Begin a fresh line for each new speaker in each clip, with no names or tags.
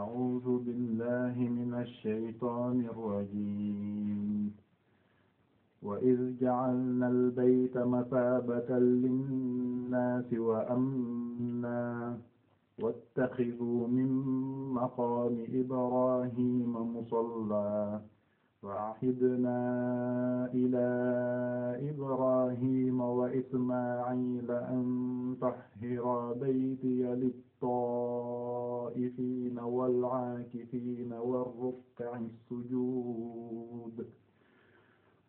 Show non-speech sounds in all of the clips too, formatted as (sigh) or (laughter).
أعوذ بالله من الشيطان الرجيم وإذ جعلنا البيت مثابة للناس وأمنا واتخذوا من مقام إبراهيم مصلى وعهدنا إلى إبراهيم وإسماعيل أن طهر بيتي للتقوى الطائفين والعاكفين والركع السجود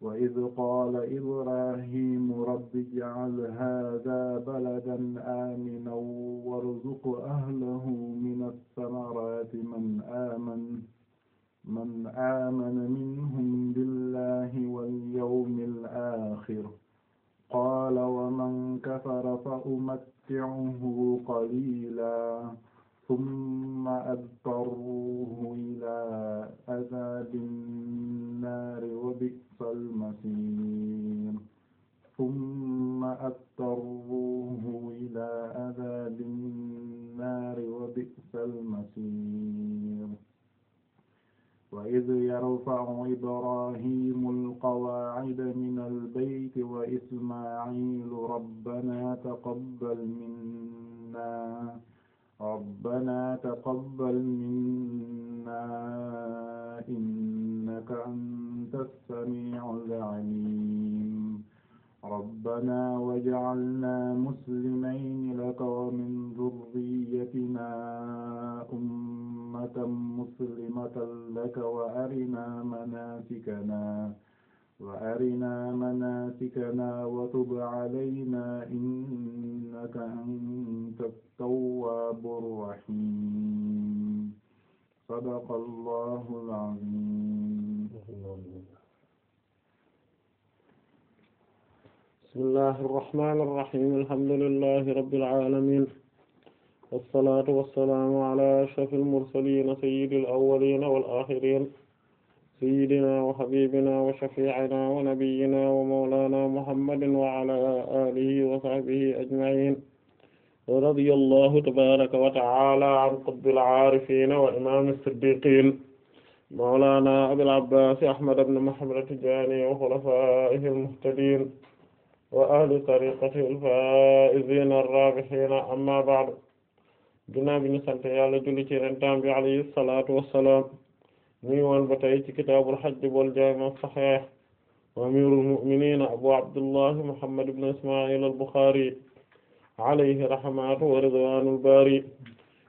وإذ قال إبراهيم رب اجعل هذا بلدا آمنا وارزق أهله من الثمرات من آمن من آمن منهم بالله واليوم الآخر قال ومن كفر فأمت نُمَتِّعُهُ قَلِيلًا ثُمَّ أَضْطَرُّهُ إِلَى عَذَابِ النَّارِ وَبِئْسَ الْمَصِيرُ ثُمَّ أَضْطَرُّهُ إِلَى عَذَابِ النَّارِ وَبِئْسَ الْمَصِيرُ وإذ يرفع إبراهيم القواعد من البيت وإسماعيل ربنا تقبل منا ربنا تقبل منا إنك أنت السميع العليم ربنا واجعلنا مسلمين لك ومن ذريتنا أمة مسلمة مسلمة لك وأرنا مناسكنا وأرنا مناسكنا وتب علينا إنك أنت التواب الرحيم صدق الله العظيم بسم الله
الرحمن الرحيم الحمد لله رب العالمين والصلاة والسلام على أشرف المرسلين سيد الأولين والآخرين سيدنا وحبيبنا وشفيعنا ونبينا ومولانا محمد وعلى آله وصحبه أجمعين ورضي الله تبارك وتعالى عن قطب العارفين وإمام الصديقين مولانا أبي العباس أحمد بن محمد التجاني وخلفائه المهتدين وأهل طريقته الفائزين الرابحين أما بعد ginnaaw bi ñu sant yàlla julli ci rentam bi alayhi salaatu wassalaam ñuy woon ba tey ci kitaabul hajj wal jaami' as-sahiih wa amiirul mu'miniin abu abdullah muhammad ibn isma'il al-bukhari alayhi rahmatu wa ridwaanul baari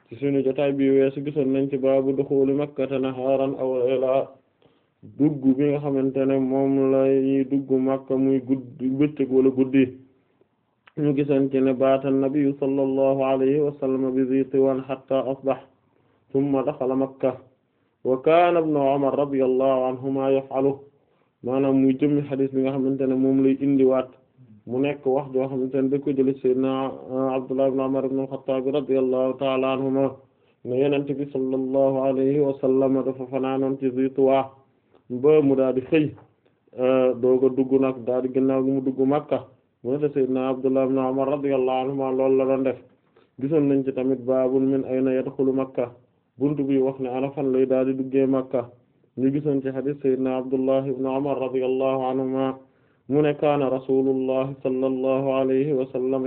ci suñu jotaay bi weesu gisoon nañ ci baabu duxuuli makkata nahaaran aw layla dugg bi nga xamante ne moom lay dugg makka muy guddi bëccëg guddi ñu gisan ci ne baata nabiyu sallallahu alayhi wa sallam bi zi tiwaan hatta asbah thumma daxala makka wa kaana ibnu umar anhuma yaf'aluhu maanaam mu jëmmi xadis bi nga xamante ne moom lay indiwaat mu nekk wax joo xamante ne da ko jële sayyidina a ibn umar ibn al-khattab radiyallahu ta'ala anhuma ne yenente bi sallallahu alayhi wa dafa fanaanoon ci zi tiwaan mu daal di xëy dooga dugg nak daal di ginnaaw mu dugg makka moo tax sayyidna Abdullah ibn Umar radiyallahu anhuma loolu la doon def gisoon nañ ci tamit baabun min ayna yadxulu makka buntu bi wax ne ana fan lay daal di duggee makka ñu gisoon ci hadith sayyidna Abdullah ibn Umar radiyallahu anhuma mu ne kaana rasulullah sallallahu alayhi wa sallam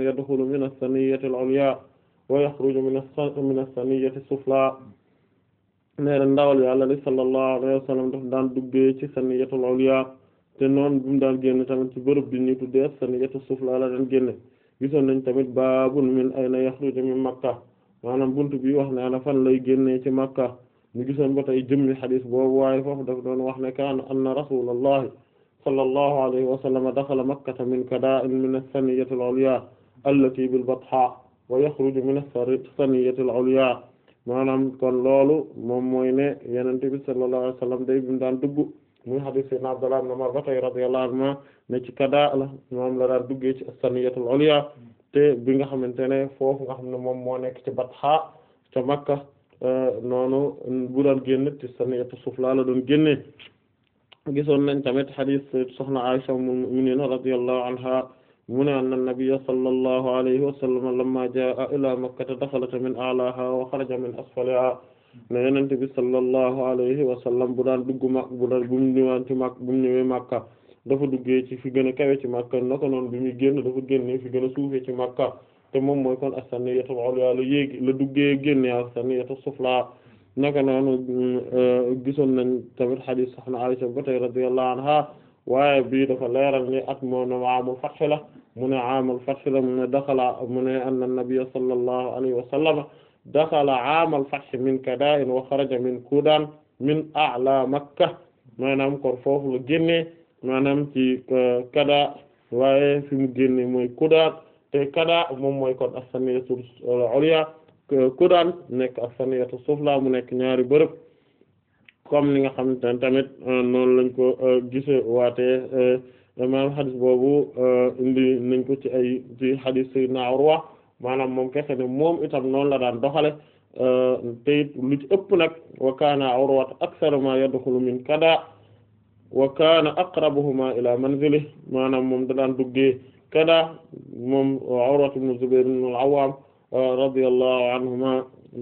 min as-saniyyati al-ulya wa yaxruju min min as-saniyyati as-sufla yàlla li sallallahu alayhi wa sallam daf daan duggee ci sanniyatul ulya te noonu bu mu daan génn tamit ci bërëb bi ñu tuddee saniyatu sufla la daan génne gisoon nañ tamit baabun min ayna yaxruju min makka maanaam buntu bi wax naa la fan lay génnee ci makka ñu gisoon ba tey jëmmi xadis boobu waaye foofu dafa doon wax ne kaana anna rasulallahi sallallahu alayhi wa sallam daxala makkata min kadaa'in min a saniyati al-ulya allati bil batha wa yaxruju min as-saniyati al-ulya maanaam kon loolu moom mooy ne yenente bi sallallahu alayhi wa sallam day bi mu daan muy hadith sayyidina Abdullah ibn Umar ba tey radiyallahu anhu ne ci kada la moom la daal duggee ci as-saniyatul ulya te bi nga xamante ne foofu nga xam ne moom moo nekk ci Batha ca Makka euh, noonu bu doon génn ci saniyatu sufla la doon génnee gisoon nañ tamit hadith soxna Aisha ummul mu'minin radiyallahu anha mu ne anna nabiyya sallallahu alayhi wa sallam lamma jaa ila makkata dakhalata min a'laha wa kharaja min asfaliha ne yenente bi sallallahu alayhi wa sallam bu daan dugg mak bu daan bu mu ñëwaan ci màk bu ñëwee màkka dafa duggee ci fi gën a kawe ci màkka naka noonu bi muy génn dafa génnee fi gën a suufee te moom mooy kon as-saniyatu al-ulya la yéegi la duggee génnee as-saniyatu sufla naka noonu euh, gisoon nañ tamit hadith soxna Aisha ba tey radiyallahu anha waaye bii dafa leeral ni at moo no aamul fath la mu ne aamul fath la mu ne daxala mu ne anna nabiyya sallallahu alayhi wa sallam dakhala amal fath min kada'in wa kharaja min kudan min a'la makkah maanaam kon foofu génne génnee maanaam ci euh, kada waaye fi mu génne mooy kudaan te kada moom mooy kon as-saniyatul euh, ulya nekk as-saniyatul sufla mu nekk ñaari bërëb comme li nga xamante ne tamit euh, noonu lañ ko gise waate maanaam xadis boobu indi nañ ko ci ay ci xadis Sayyidina Urwa maanaam moom kese ne moom itam noonu la daan doxale euh, te it lu ci ëpp nag wa kaana urwat aktharu ma yadkhulu min kada wa kaana aqrabuhuma ila manzili maanaam moom da daan duggee kada moom urwat ibn zubair ibn al-awwam euh, radiyallahu anhuma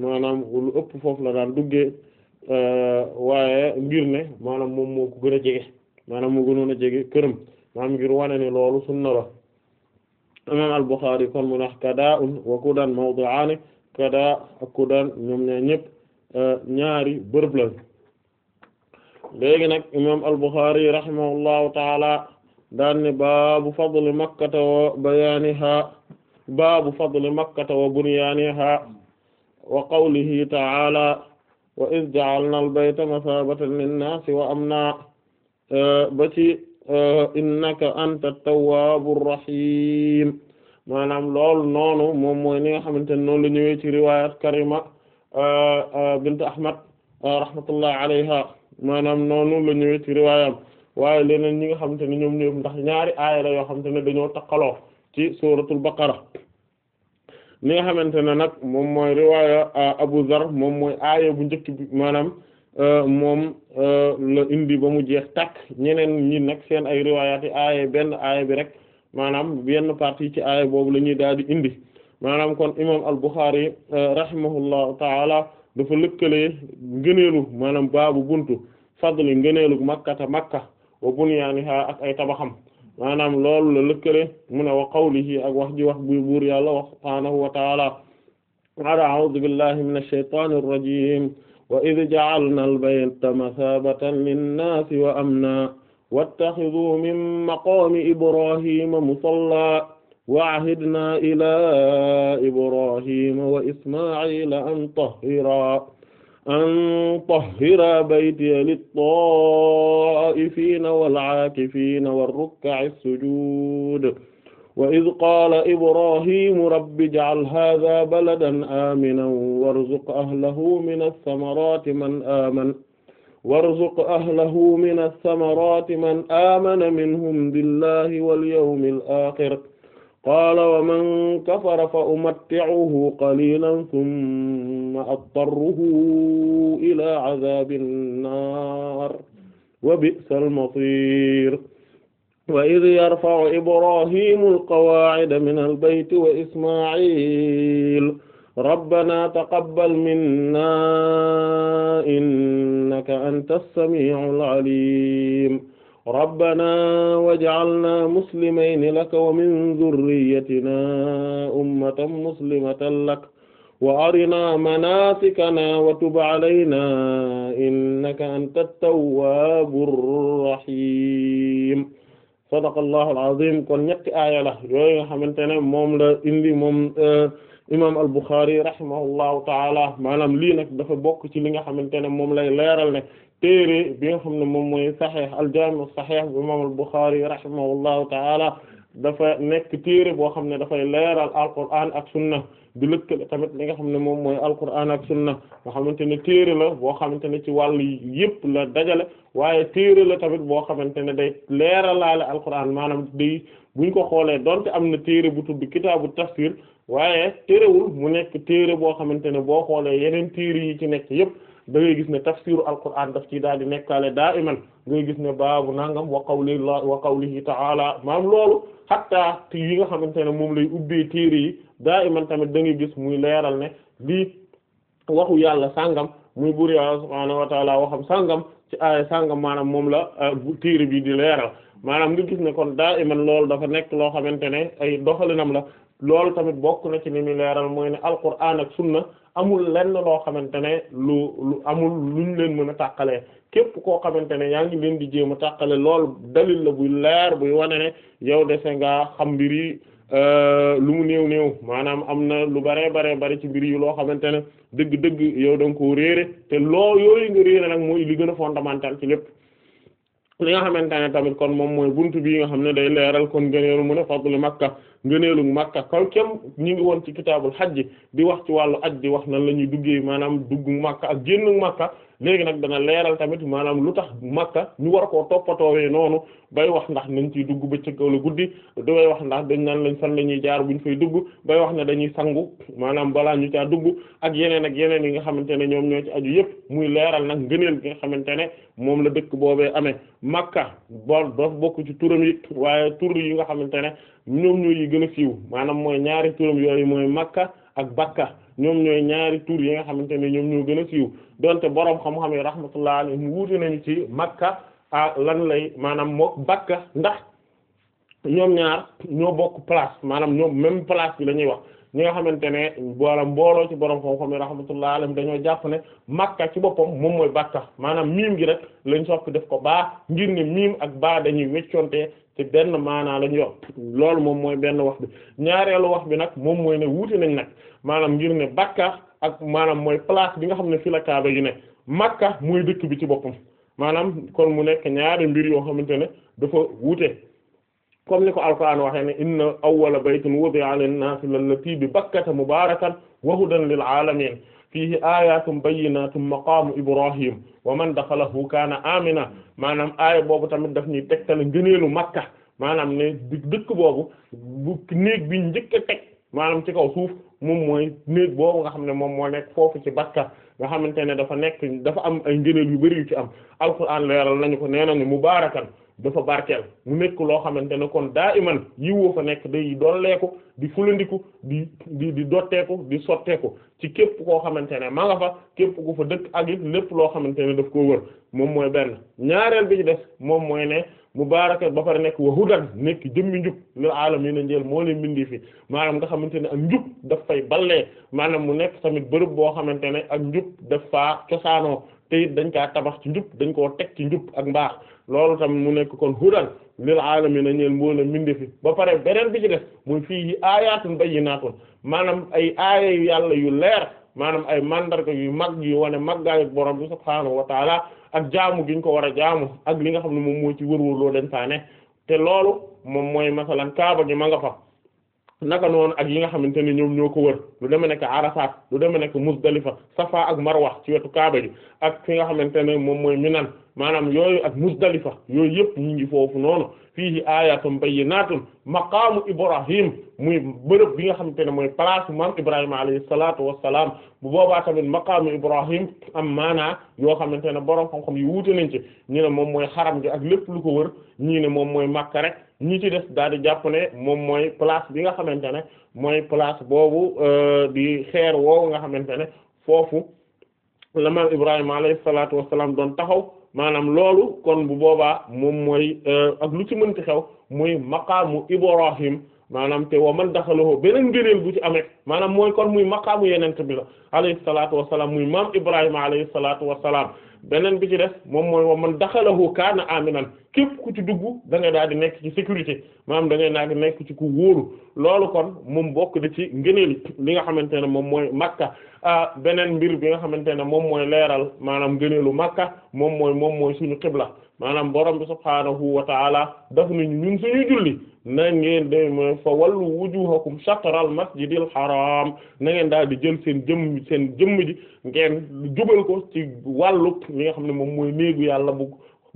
maanaam lu ëpp foofu la daan duggee euh, waaye ngir ne maanaam moom moo ko gën a jege maanaam moo gënoon a jege këram maanaam ngir wane ne loolu sunna imam al-Bukhari kon mu ne kadaa'un wa kudan mawdu'aani kadaa ak kudan ñoom ñaar ñëpp e, ñaari bërëb la léegi nag imam al-Bukhari rahimahullahu taala daan ne baabu fadli makkata wa bayaaniha baabu fadli makkata wa bunyaaniha wa qawlihi taala wa iz ja'alna al-bayta masaabatan lin-naasi wa amna e, ba ci Euh, innaka anta tawwabur rahim maanaam loolu noonu moom mooy ni nga xamante ne noonu la ñëwee ci riwayat Karima euh, euh, bint Ahmad rahmatullah alayha maanaam noonu la ñëwee ci riwaayam waaye leneen ñi nga xamante ne ñoom ñëpp ndax ñaari aaya la yoo xamante ne dañoo takkaloo ci suratul baqara ni nga xamante ne nag moom mooy riwaaya Abu Zar moom mooy aaya bu njëkk bi maanaam Euh, moom euh, la indi ba mu jeex takk ñeneen ñi nag seen ay riwaayaat yi aaye benn aaye bi rek maanaam benn partie ci aaye boobu la ñuy daal di indi maanaam kon imam al-Bukhari euh, rahimahullahu taala dafa lëkkalee ngëneelu maanaam baabu buntu fadli ngëneelu makkata makka wa bunyaaniha ak ay tabaxam maanaam loolu la lëkkale mu ne wa qawlihi ak wax ji wax buy buur yàlla wax subhaanahu wa taala a'uudu billahi minash shaytaanir rajiim wa id ja'alna al-bayta mathabatan lin-nasi wa amna wattakhidhu min maqami ibrahima musalla wa ahidna ila ibrahima wa isma'ila an tahhira an tahhira baytiya lit-ta'ifina wal-'akifina war-rukka'i s-sujud wa iz qaala ibraahiimu rabbi ij'al haazaa baladan aaminan warzuq ahlahu mina samaraati man aamana warzuq ahlahu mina samaraati man aamana minhum billaahi wal yawmil aaxir qaala wa man kafara fa umatti'uhu qaliilan summa adtarruhu ilaa azaabi nnaar wa bi'sal masiir wa id yarfa'u ibrahimu alqawaa'ida min albayti wa isma'il rabbana taqabbal minna innaka anta as-sami'ul 'alim rabbana waj'alna muslimayni laka wa min dhurriyyatina ummatan muslimatan laka wa arina manasikana wa tub 'alayna innaka antat tawwabur rahim sadaqallahu alazim kon ñetti aaya la yooyu nga xamante ne moom la indi moom euh, imam al-Bukhari rahimahullahu taala maanaam lii nag dafa bokk ci li nga xamante ne moom lay leeral ne téere bi xam ne moom mooy saxiix al-jaami saxiix bu imam al-Bukhari rahimahullahu taala dafa nekk téere boo xam ne dafay leeral alquran ak sunna du lëkkale tamit li nga xam ne moom mooy alquran ak sunna nga xamante ne téere la boo xamante ne ci wàll yëpp la dajale waaye téere la tamit boo xamante ne day leeralaale alquran maanaam day buñ ko xoolee donte am na téere bu tudd kitaabu tafsir waaye téerewul mu nekk téere boo xamante ne boo xoolee yeneen téere yi ci nekk yëpp da ngay gis ne tafsiru alquran daf ci daal di nekkaale daa iman da ngay gis ne baabu nangam wa qawli wa qawlihi ta'ala maam loolu xatta yi nga xamante ne moom lay ubbee téere yi daa iman tamit da ngay gis muy leeral ne lii waxu yàlla sàngam muy buur yàlla subhaanahu wa waxam sàngam ci aaya sàngam maanaam moom la euh, téere bi di leeral maanaam nga gis ne kon daa iman loolu dafa nekk loo xamante ne ay doxalinam la loolu tamit bokk na ci ni muy leeral mooy ne alquran ak sunna amul lenn loo xamante ne lu lu amul luñ leen mën a tàqalee képp koo xamante ne yaa ngi leen di jéem a tàqale lool dalil la buy leer buy wane ne yow dese Euh, lu mu néew néew maanaam am na lu baree baree bari ci mbir yi loo xamante ne dëgg-dëgg yow da nga koo réere te loo yooyu nga réere nag mooy li gën a fondamental ci lépp li nga xamante ne tamit kon moom mooy bunt bi nga xam ne day leeral kon ngëneelu mu ne fadlu makka ngëneelu makka kaw kem ñi ngi woon ci kitaabul xajj di wax ci wàllu aj di wax nan la ñuy duggee maanaam dugg makka ak génn makka léegi nag dana leeral tamit maanaam lu tax Makka ñu war koo toppatoowee noonu bay wax ndax nañ ciy dugg bëccëg wala guddi bay wax ndax dañ naan lañ fan la ñuy jaar buñ fay dugg bay wax ne dañuy sangu maanaam balaa ñu caa dugg ak yeneen ak yeneen yi nga xamante ne ñoom ñoo ci aju yëpp muy leeral nag ngëneel gi nga xamante ne moom la dëkk boobee amee Makka bol bokk ci turam yi waaye tur yi nga xamante ne ñoom ñoo yi gën a siiw maanaam mooy ñaari turam yooyu mooy Makka ak Bakka ñoom ñooy ñaari tur yi nga xamante ne ñoom ñoo gën a siiw donte boroom xam-xam yi rahmatullah alayhi mu wuute nañu ci makka a lan lay maanaam mook bakka ndax ñoom ñaar ñoo bokk place maanaam ñoom même place bi la ñuy wax ñi nga xamante ne wala mbooloo ci boroom xam-xam yi rahmatullah alayhi dañoo jàpp ne makka ci boppam moom mooy bakka maanaam miim gi rek lañ soppi def ko baa ngir ne miim ak baa dañuy weccoonte ci benn maanaa lañ yor loolu moom mooy benn wax bi ñaareelu wax bi nag moom mooy ne wuute nañ nag maanaam ngir ne bakka ak maanaam mooy place bi nga xam ne fi la kaaba yi ne makka mooy dëkk bi ci boppam maanaam kon mu nekk ñaari mbir yoo xamante ne dafa wuute comme ni ko alquran waxee ne inna awwala baytin wudi'a lin-naasi tii bi bakkata mubaarakan wa hudan lil aalamiin fiihi aayaatun bayyinaatun maqaamu ibrahim wa man daxalahu kaana amina maanaam aaya boobu tamit daf ñuy tegtal ngëneelu makka maanaam ne dëkk boobu bu néeg bi njëkk maanaam ci kaw suuf moom mooy néeg boobu nga xam ne moom moo nekk foofu ci Bakka nga xamante ne dafa nekk dafa am ay ngëneel yu bari yu ci am alxuraan leeral nañu ko nee mu mubaarakan dafa barkeel mu nekk loo xamante ne kon daa iman yiwoo fa nekk day dolleeku di fulandiku di di di dotteeku di sotteeku ci képp koo xamante ne ma nga fa képp ku fa dëkk ak it lépp loo xamante ne daf koo wër moom mooy benn ñaareel bi ci des moom mooy ne mubaarakat ba pare nekk wa hudan nekk jëmmi njub lil na njël moo leen bindi fi maanaam nga xamante ne ak njub daf fay ballee maanaam mu nekk tamit bërëb boo xamante ne ak njub daf faa cosaanoo te it dañ kaa tabax ci njub dañ koo teg ci njub ak mbaax loolu tamit mu nekk kon hudan lil aalamiina ñeel mboolem mbindeef fi ba pare beneen bi ci def muy fii yi aayaatun bayyinaatun maanaam ay aaya yu yàlla yu leer maanaam ay mandarga yu mag yu wane maggaayu borom bi subhaanahu wa taala ak jaamu gi ñu ko war a jaamu ak li nga xam ne moom moo ci wër-wër loo saane te loolu moom mooy masalan kaaba gi ma nga fa naka noonu ak yi nga xamante ne ñoom ñoo ko wër lu deme nekk Arafat lu deme nekk Muzdalifa Safa ak Marwa ci wetu Kaaba ji ak fi nga xamante ne moom mooy Minan maanaam yooyu ak Muzdalifa yooyu yëpp ñu ngi foofu noonu fiihi ayatun bayyinatun maqaamu Ibrahim muy bërëb bi nga xamante ne mooy palaatu maam Ibrahima alayhi salaatu wassalaam bu boobaa tamit maqaamu Ibrahim am maanaa yoo xamante ne borom xam-xam yi wuute nañ ci ñu ne moom mooy xaram gi ak lépp lu ko wër ñii ne moom mooy Makka rek. ñi ci des daal di jàpp ne moom mooy place bi nga xamante ne mooy place boobu euh, di xeer woowu nga xamante ne foofu la maam Ibrahima alayhi salaatu wassalaam doon taxaw maanaam loolu kon bu boobaa moom mooy euh, ak lu ci mënti xew muy maqaamu Ibrahim maanaam te wa man daxalahu beneen ngëneel bu ci amee maanaam mooy kon muy maqaamu yenente bi la alayhi salaatu wassalaam muy maam Ibrahima alayhi salaatu wassalaam beneen bi ci def moom mooy wa man daxalahu kaana aminan képp ku ci dugg da daal di nekk ci sécurité maam da ngay naa di nekk ci ku wóolu loolu kon moom bokk da ci ngëneel li nga xamante ne moom mooy Makka ah, beneen mbir bi nga xamante ne moom mooy leeral maanaam ngëneelu Makka moom mooy moom mooy suñu xibla maanaam borom bi subhaanahu wa taala daf nañu ñun suñu julli na ngeen de mooy fa wallu wujuhakum shatral masjidil haram na ngeen daal di jël seen jëmm seen jëmm ngeen jubal ko ci wàllu li nga xam ne moom mooy néegu yàlla bu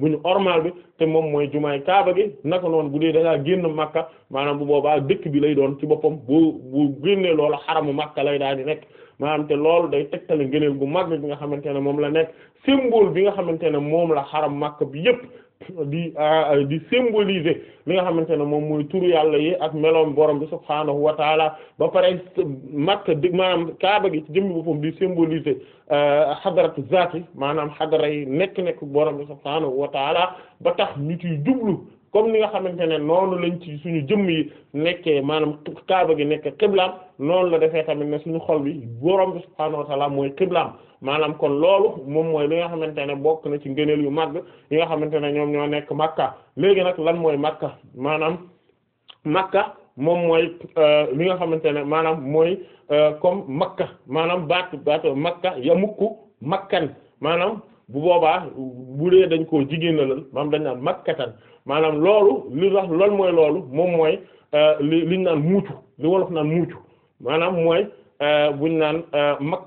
bu ñu ormal bi te moom mooy jumaay kaaba bi naka noonu bu dee da génn makka maanaam bu boobaa dëkk bi lay doon ci boppam bu bu génnee loolu xaramu makka lay daal di nekk maanaam te loolu day tegtale ngëneel gu mag bi nga xamante ne moom la nekk symbole bi nga xamante ne moom la xaram makka bi yépp di ah, di symboliser li nga xamante ne moom mooy turu yàlla yi ak meloom borom bi subhaanahu wa taala ba pare makka di maanaam kaaba gi ci jëmmi boppam di symboliser ah, xadaratu zaati maanaam xadara yi nekk-nekk borom bi subhaanahu wa taala ba tax ñu ciy jublu comme li nga xamante ne noonu lañ ci suñu jëmm yi nekkee maanaam kaaba gi nekk xiblaam noonu la defee tamit ne suñu xol bi borom bi subhaanahu mooy xiblaam maanaam kon loolu moom mooy li nga xamante ne bokk na ci ngëneel yu màgg yi nga xamante ne ñoom ñoo nekk Makka léegi nag lan mooy Makka maanaam Makka moom mooy euh, li nga xamante ne maanaam mooy euh, comme Makka maanaam baat baat Makka yamukku makkan maanaam bu boobaa bu dee dañ koo jigéenalal maanaam dañ naan makkatan maanaam loolu li tax loolu mooy loolu moom mooy euh, li liñ naan muucu li wolof naan muucu maanaam mooy euh, buñ naan euh, mak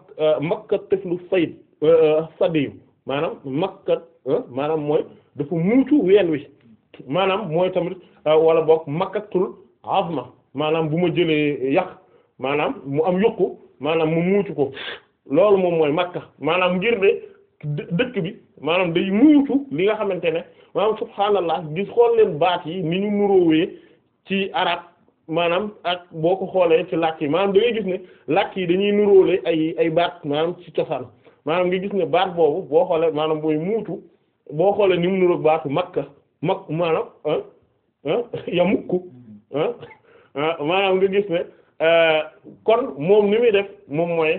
makkat teflu sayd sadiyu maanaam makkat maanaam mooy dafa muucu ween wi maanaam mooy tamit wala boog makkatul azma maanaam bu ma jëlee yàq maanaam mu am yokku maanaam mu muucu ko loolu moom mooy makka maanaam ngir de dëkk bi maanaam day muutu li nga xamante ne maanaam subhaanallah gis xool leen baat yi ni ñu nuróowee ci arab maanaam ak boo ko xoolee ci làkk yi maanaam da gis ne làkk yi dañuy nuróole ay ay baat maanaam ci cosaan maanaam nga gis ne baat boobu boo xoolee maanaam booy muutu boo xoolee ni mu nuróo baatu makka makk maanaam ah ah (laughs) yamukku ah, ah, maanaam nga gis ne euh, kon moom ni muy def moom mooy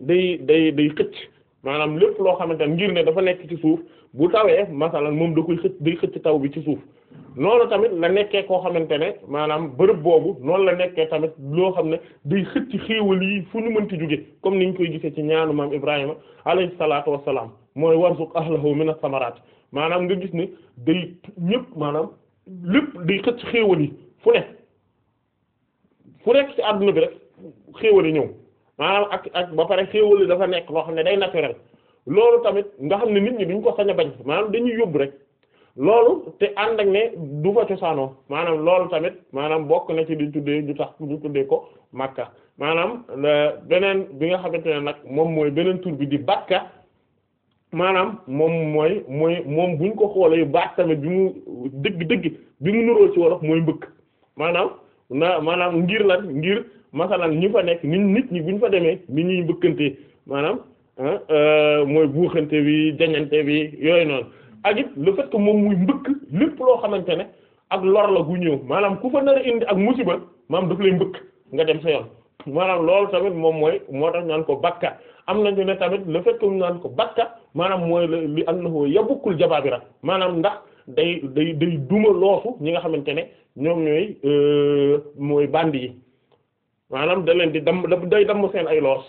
day day day xëcc. maanaam lépp loo xamante ngir ne dafa nekk ci suuf bu tawee masalan moom da koy xëcc day xëcc taw bi ci suuf noonu tamit la nekkee koo xamante ne maanaam bërëb boobu noonu la nekkee tamit loo xam ne day xëcc xéewal yi fu ñu mënti jóge comme ni ñu koy gisee ci ñaanu maam Ibrahima alayhi salaatu wassalaam mooy warzuq ahlahu mina samaraat maanaam nga gis ne day ñëpp maanaam lépp day xëcc xéewal yi fu ne fu nekk ci àdduna bi rek xéewal yi ñëw maanaam ak ak ba pare xéewal li dafa nekk loo xam ne day naturel loolu tamit nga xam ne nit ñi duñ ko sañ bañ bañ maanaam dañuy yóbbu rek loolu te ànd ak ne du fa cosaanoo maanaam loolu tamit maanaam bokk na ci di tuddee du tax du tuddee ko makka maanaam beneen bi nga xamante ne nag moom mooy beneen tur bi di bakka maanaam moom mooy mooy moom buñ ko xoolee baat tamit bi mu dëgg dëgg bi mu nuroo ci wolof mooy mbëkk maanaam na maanaam ngir la ngir masalan ñu fa nekk nit nit ñi buñ fa demee nit ñuy bëkkante maanaam euh, mooy buuxante bi jañante bi yooyu noonu ak it le fait que moom muy mbëkk lépp loo xamante ne ak lor la gu ñëw maanaam ku fa nar a indi ak musiba maam daf lay mbëkk nga dem sa yoon maanaam loolu tamit moom mooy moo tax naan ko bakka am nañu ne tamit le fait que ñu naan ko bakka maanaam mooy li annahu yabukkul jabaabira maanaam ndax day day day duma loosu ñi nga xamante ne ñoom ñooy euh, mooy bandi yi maanaam da leen di damm day damm seen ay loos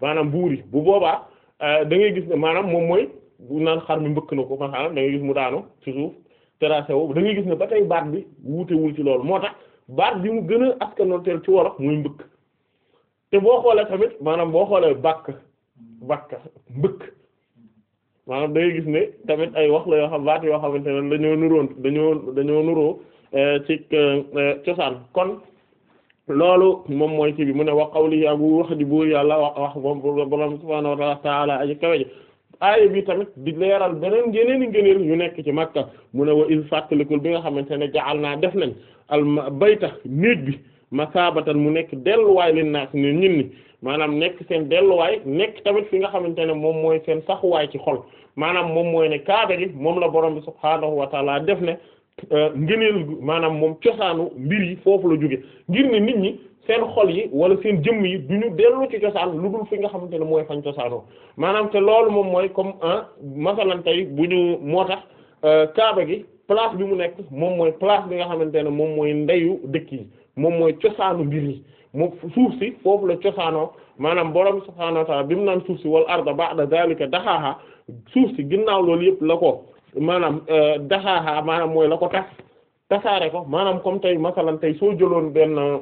maanaam buuri bu boobaa euh, dangay gis ne maanaam moom mooy bu naan xar mi mbëkk na ko maanaam da ngay gis mu daanu ci suuf terrassé wu gis ne ba tey baat bi wuutewul ci loolu moo tax baat bi mu gën a askanoteel ci wolof muy mbëkk te boo xoolee tamit maanaam boo xoolee bàkk bàkk mbëkk maanaam da gis ne tamit ay wax la yoo xam baat yoo xamante ne dañoo nuróon dañoo dañoo nuroo euh, ci euh, cosaan kon loolu moom mooy ci bi mu ne wa qawlihi ak wax di buur yàlla wax wax moom borom subhaanahu wa ta'aala aji kawe ji aaya bi tamit di leeral beneen yeneen i ngëneel yu nekk ci Makka mu ne wa il bi nga xamante ne jaal naa def nañ al bayta néeg bi masaabatan mu nekk delluwaay lin naas ne ñun maanaam nekk seen delluwaay nekk tamit fi nga xamante ne moom mooy seen saxuwaay ci xol maanaam moom mooy ne kaaba gi moom la borom bi subhaanahu wa ta'aala def ne Euh, ngëneel maanaam moom cosaanu mbir yi foofu la jóge ngir ne nit ñi seen xol yi wala seen jëmm yi du ñu dellu ci cosaan lu dul fi nga xamante ne mooy fañ cosaanoo maanaam te loolu moom mooy comme ah masalan tey bu ñu moo tax euh, kaaba gi place bi mu nekk moom mooy place bi nga xamante ne moom mooy ndeyu dëkk moom mooy cosaanu mbir yi moom suuf si foofu la cosaanoo maanaam borom subhaanahu wa bi mu naan suuf si wal arda ba'da zalika daxaaha suuf si ginnaaw loolu yëpp la ko maanaam euh, daxaaxaa maanaam mooy la ko tax tasaare ko maanaam comme tey masalan tey soo jëloon benn euh,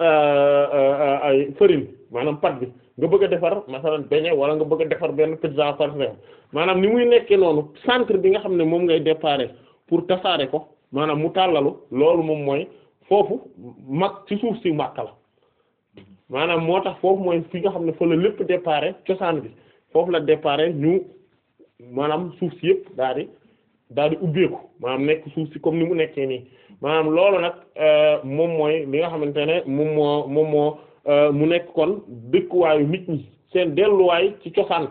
euh, ay farine maanaam pat bi nga bëgg a defar masalan beñe wala nga bëgg a defar benn pizza par exemple maanaam ni muy nekkee noonu centre bi nga xam ne moom ngay déparé pour tasaare ko maanaam mu tàllalu loolu moom mooy foofu mag ci suuf si màkk la maanaam moo tax foofu mooy fi nga xam ne foo la lépp déparé cosaan bi foofu la déparé ñu maanaam suuf si yëpp daal di daal ubbeeku maanaam nekk suuf si comme ni mu nekkee nii maanaam loolu nag euh, moom mooy li nga xamante ne moom moo moom moo euh, mu nekk dëkkuwaayu nit ñi seen delluwaay ci cosaan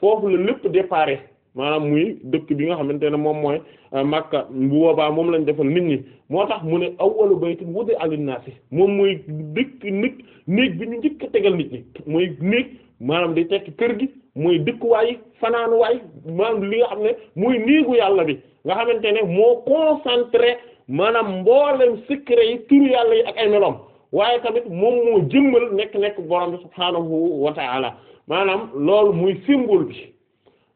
foofu la lépp déparé maanaam muy dëkk bi nga xamante ne moom mooy euh, Makka bu boobaa moom lañ defal nit ñi moo tax mu ne awwalu baytin wudi'a lin-naasi moom mooy dëkk nit néeg bi ñu njëkk tegal nit ñi mooy néeg maanaam di tekk kër gi muy dëkkuwaay fanaanuwaay maanaam li nga xam ne muy néegu yàlla bi nga xamante ne moo concentré maanaam mboolem secret yi turu yàlla yi ak ay meloom waaye tamit moom moo jëmmal nekk-nekk borom bi subhaanahu wa ta'ala maanaam loolu muy symbole bi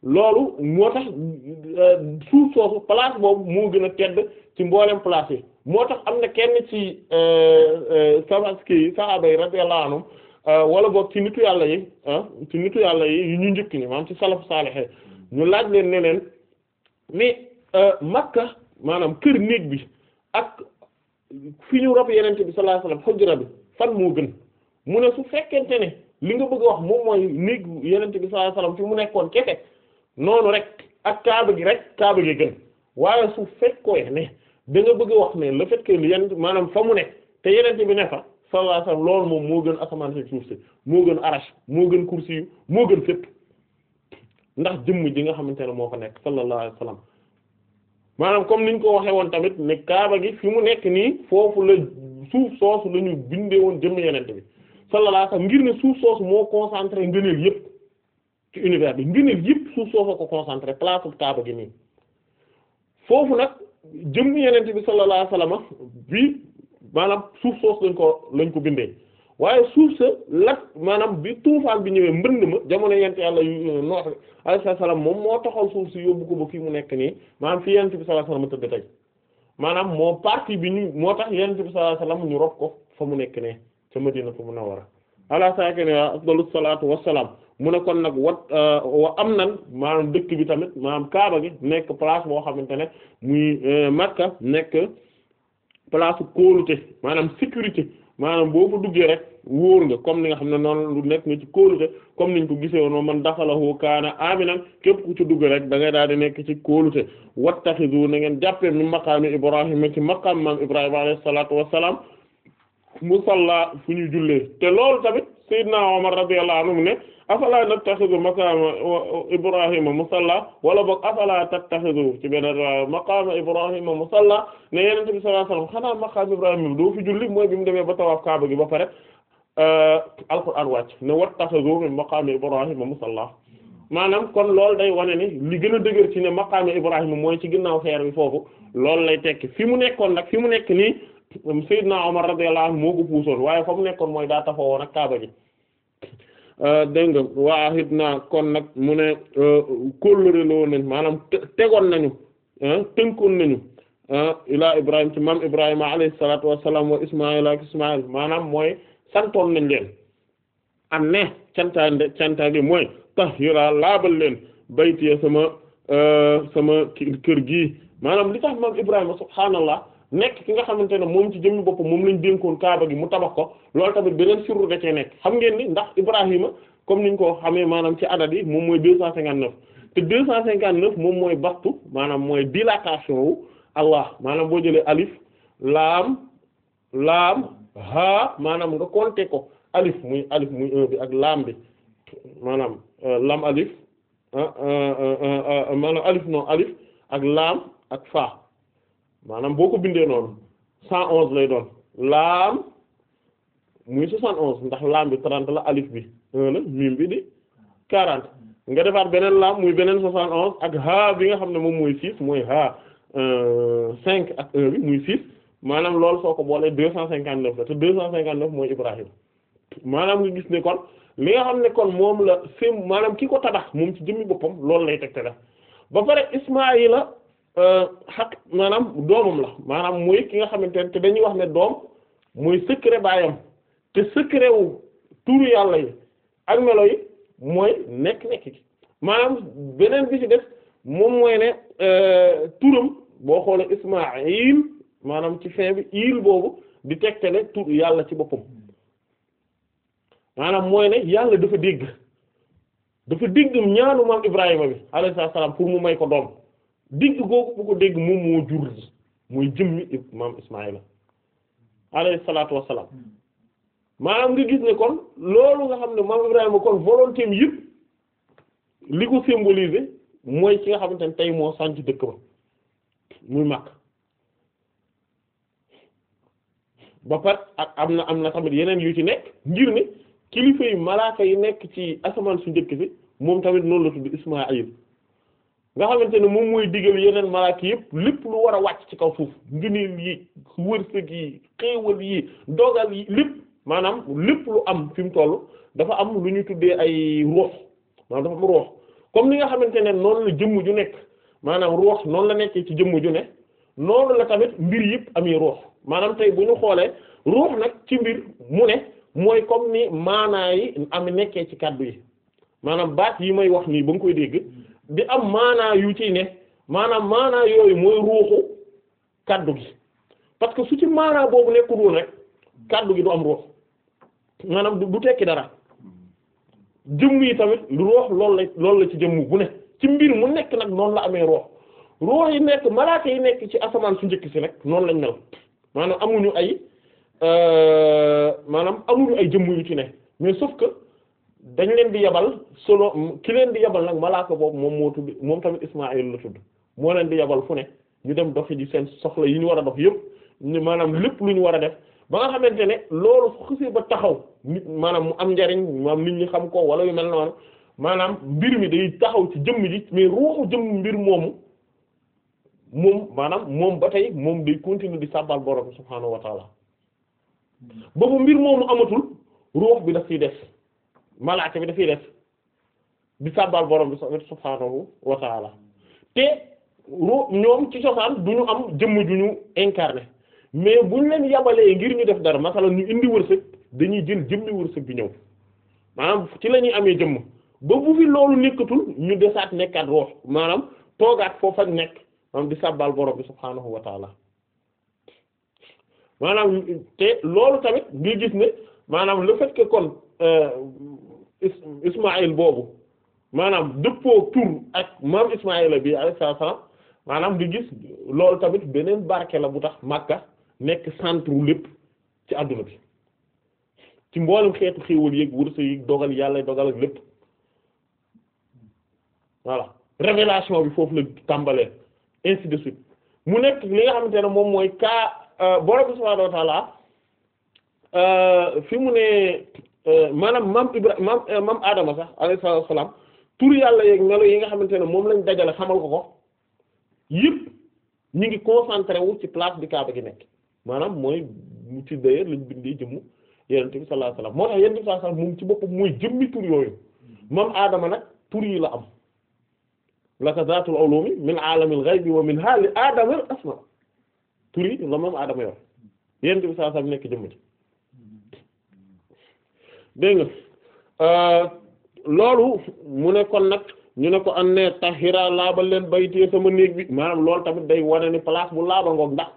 loolu moo tax euh, suuf soosu place boobu moo gën a tedd ci mboolem place yi moo tax am na kenn ci euh, euh, sabaski sahaaba yi radiyallahu anhum Euh, wala boog ci nitu yàlla yi ah, ci nitu yàlla yi ñu njëkk ñi maanaam ci salaf saalehe ñu laaj leen ne leen mais euh, makka maanaam kër néeg bi ak fi ñu rab yenente bi sallallahu alayhi wasallam xujra fan moo gën mu ne su fekkente ne li nga bëgg a wax moom mooy néeg yenente bi sallallahu alayhi fi mu nekkoon kese noonu rek ak kaaba gi rek kaaba gi gën waaye su fekkoon ne da nga bëgg a wax ne le fait que yenent maanaam fa mu ne te yenente bi ne fa sallallahu loolu moom moo gën asamaan si suuf moo gën arash moo gën kursi yu moo gën fépp ndax jëmm ji nga xamante ne moo fa nekk sallallahu alayhi wasallam maanaam comme niñ ko waxee woon tamit ne kaaba gi fi mu nekk nii foofu la suuf soosu la ñu bindee woon jëmm yenente bi sallallahu alayhi wasallam ngir ne suuf soosu moo concentré ngëneel yépp ci univers bi ngëneel yépp suuf soosu ko concentré place bu kaaba gi nii foofu nag jëmm yenente bi sallallahu alayhi wasallam bi maanaam suuf soos lañ ko lañ ko bindee waaye suuf sa lat maanaam bi tuufaan bi ñëwee mbënd ma jamono yent yàlla yu euh, noox alayhi salaam moom moo taxaw suuf si yóbbu ko ba fii mu nekk nii maanaam fi yenn bi sallallahu alayhi wasallam maanaam moo partie bi ñu moo tax yent bi sallallahu alayhi ñu rob ko fa mu nekk ne ca Madina fa Munawwara ala saakene wa afdalu salaatu wassalaam mu ne kon nag wat euh, wa am nan maanaam dëkk bi tamit maanaam kaaba gi nekk place boo xamante ne muy euh, Makka nekk place kóolute maanaam sécurité maanaam boo fa duggee rek wóor nga comme ni nga xam ne noonu lu nekk nga ci kóolute comme niñ ko gisee woon man daxalahu kaana aminan képp ku ci dugg rek danga ngay daal di nekk ci kóolute wattaxidu na ngeen jàppee mi maqaami ibrahima ci maqaam maam ibrahima alayhi salaatu wassalaam musalla fu ñu jullee te loolu tamit sayyidna Umar radiyallahu anhu ne afala nattaxidu maqama ibrahima musalla wala boog afala tattaxidu ci benn maqama ibrahima musalla ne yenente bi sallallahu alayhi wasallam xanaa maqam ibrahima bi doo fi julli mooy bi mu demee ba tawaaf kaaba gi ba pare euh, alquran wàcc ne wattaxidu min maqam ibrahima musalla maanaam kon loolu day wane ni li gën a dëgër ci ne maqam ibrahima mooy ci ginnaaw xeer bi foofu loolu lay tekki fi mu nekkoon nag fi mu nekk nii sayyidna Umar radiyallahu anhu moo ko puusoon waaye fa mu nekkoon mooy daa tafa woon ak kaaba gi Euh, dégg nga waahid naa kon nag mu ne euh, kóllëre la woon maanaam tegoon nañu tënkoon nañu ilaa ibrahim ci maam ibrahima alayhi salaatu wassalaam wa ismail ak ismail maanaam mooy santoon nañ leen am ne cantaande cantaagi mooy tahira laabal leen baytiya sama euh, sama kër gi maanaam li tax maam ibrahima subhaanallah nekk ki nga xamante ne moom ci jëmmi boppam moom lañ dénkoon kaaba gi mu tabax ko loolu tamit beneen surru da nekk xam ngeen ni ndax Ibrahima comme niñ ko xamee maanaam ci adat yi moom mooy deux cent cinquante-neuf te deux cent cinquante-neuf moom mooy bastu maanaam mooy dilatation wu Allah maanaam boo jëlee alif laam laam ha maanaam nga compter ko alif muy alif muy un bi ak laam bi maanaam euh, lam alif ah, euh, euh, maanaam alif ak laam ak fa maanaam boo ko bindee noonu cent onze lay doon laam muy soixante onze ndax laam bi trente la alif bi un la mim bi di quarante nga defaat beneen laam muy beneen soixante onze ak ha bi nga xam ne moom mooy six mooy ha euh, cinq ak un bi muy six maanaam loolu soo ko boolee deux cent cinquante neuf la te deux cent cinquante neuf mooy Ibrahim maanaam nga gis ne kon li nga xam ne kon moom la sém maanaam ki ko tabax moom ci jëmmi boppam loolu lay tegte la ba pare Euh, xaq maanaam doomam la maanaam muy ki nga xamante ne te dañuy wax ne doom muy secret baayam te secret wu turu yàlla yi ak melo yi mooy nekk-nekk gi maanaam beneen bi ci def moom mooy ne euh, turam boo xoolee Ismaayil maanaam ci fin bi il boobu di tegtale turu yàlla ci boppam maanaam mooy ne yàlla dafa dégg dafa dégg ñaanu maam Ibrahima bi alayhi salaam pour mu may ko doom. dégg googu bu ko dégg moom moo jur ji mooy jëmmi maam Ismaayila alayhi salaatu wassalaam maanaam nga gis ne kon loolu nga xam ne maam Ibrahima kon volonté am yëpp li ko symboliser mooy ci nga xamante ne tey moo sànc dëkk ba muy màkk ba pat am na am na tamit yeneen yu ci nekk ngir ne kilifa yi malaaka yi nekk ci asamaan su njëkk si moom tamit noonu la tudd Ismaayil nga xamante ne moom mooy digal yeneen malaaka yëpp lépp lu war a wàcc ci kaw suuf ngëneel yi wërsëg yi xéewal yi dogal yi lépp maanaam lépp lu am fi mu toll dafa am lu ñu tuddee ay ruux maanaam dafa comme ni nga xamante ne noonu la jëmm ju nekk maanaam ruux noonu la nekkee ci jëmm ju ne la tamit mbir yëpp amee ruux maanaam tey bu ñu xoolee ruux nag ci mbir mu ne mooy comme ni maanaa yi am nekkee ci kàddu yi maanaam baat yi may wax nii ba nga koy dégg di am maanaa yu ci ne maanaam maanaa yooyu mooy ruuxu kaddu gi parce que su ci maanaa boobu nekkul woon rek kaddu gi du am ruux maanaam du tekki dara jëmm yi tamit ruux loolu la loolu la ci jëmm bu ne ci mbir mu nekk nag noonu la amee ruux ruux yi nekk malaaka yi nekk ci asamaan su njëkk si nekk noonu lañ mel maanaam amuñu ay euh, maanaam amuñu ay jëmm yu ci ne mais sauf que dañ leen di yabal solo ki leen di yabal nag malaaka boobu moom moo tudd moom tamit Ismaayil la tudd moo leen di yabal fu ne ñu dem doxi ji seen soxla yi ñu war a dox yëpp maanaam lépp lu ñu war a def ba nga xamante ne loolu xëse ba taxaw nit maanaam mu am njariñ maanaam nit ñi xam ko wala yu mel noonu maanaam mbir mi day taxaw ci jëmm ji mais ruuxu jëmm mbir moomu moom maanaam moom ba tey moom day continuer di sàbbal borom subhaanahu wa taala ba mbir moomu amatul ruux bi daf ciy def malaaka bi dafay def di sàbbal borom bi subhaanahu wa te ro ñoom ci cosaan du ñu am jëmm ju ñu incarné mais bu ñu leen yabalee ngir ñu def dara masalan ñu indi wërsëg dañuy jël jëmmi wërsëg bi ñëw maanaam ci la ñuy amee jëmm ba bu fi loolu nekkatul ñu desaat nekkaat roox maanaam toogaat foofa nekk maanaam di sàbbal borom bi subhaanahu wa maanaam te loolu tamit nga gis ne maanaam le fait kon euh, Ismaïl boobu maanaam dëppoo tur ak maam Ismaïla bi alayhi salaam maanaam di gis loolu tamit beneen barke la bu tax Makka nekk centre lépp ci àdduna bi ci mboolem xeetu xéewal yéeg wërsa yi dogal yàlla dogal ak lépp voilà révélation bi foofu la tàmbalee ainsi de suite mu nekk li nga xamante ne moom mooy kaa euh, borom subhaanahu wa ta'ala euh, fi mu ne Euh, maanaam maam Ibrahima maam euh, maam Adama sax alayhi salaatu wassalaam tur yàlla yéeg melo yi nga xamante ne moom lañ dajale xamal ko ko yëpp ñu ngi concentré wu ci place bi Kaaba gi nekk maanaam mooy mu ci d'ailleurs lañ bindee jëmmu Yonent bi sallallahu alayhi wasallam moo tax Yonent bi sallallahu alayhi wasallam moom ci boppam mooy jëmmi tur yooyu moom Adama nag tur yi la am laka zaatul ulumi min aalamil ghaybi wa min haali Adama asma tur yi la moom Adama yor Yonent bi sallallahu alayhi wasallam nekk jëmm ci. dégg nga euh, loolu mu ne kon nag ñu ne ko an ne tahira laabal leen bayti sama néeg bi maanaam loolu tamit day wane ni place bu laabal ngoog ndax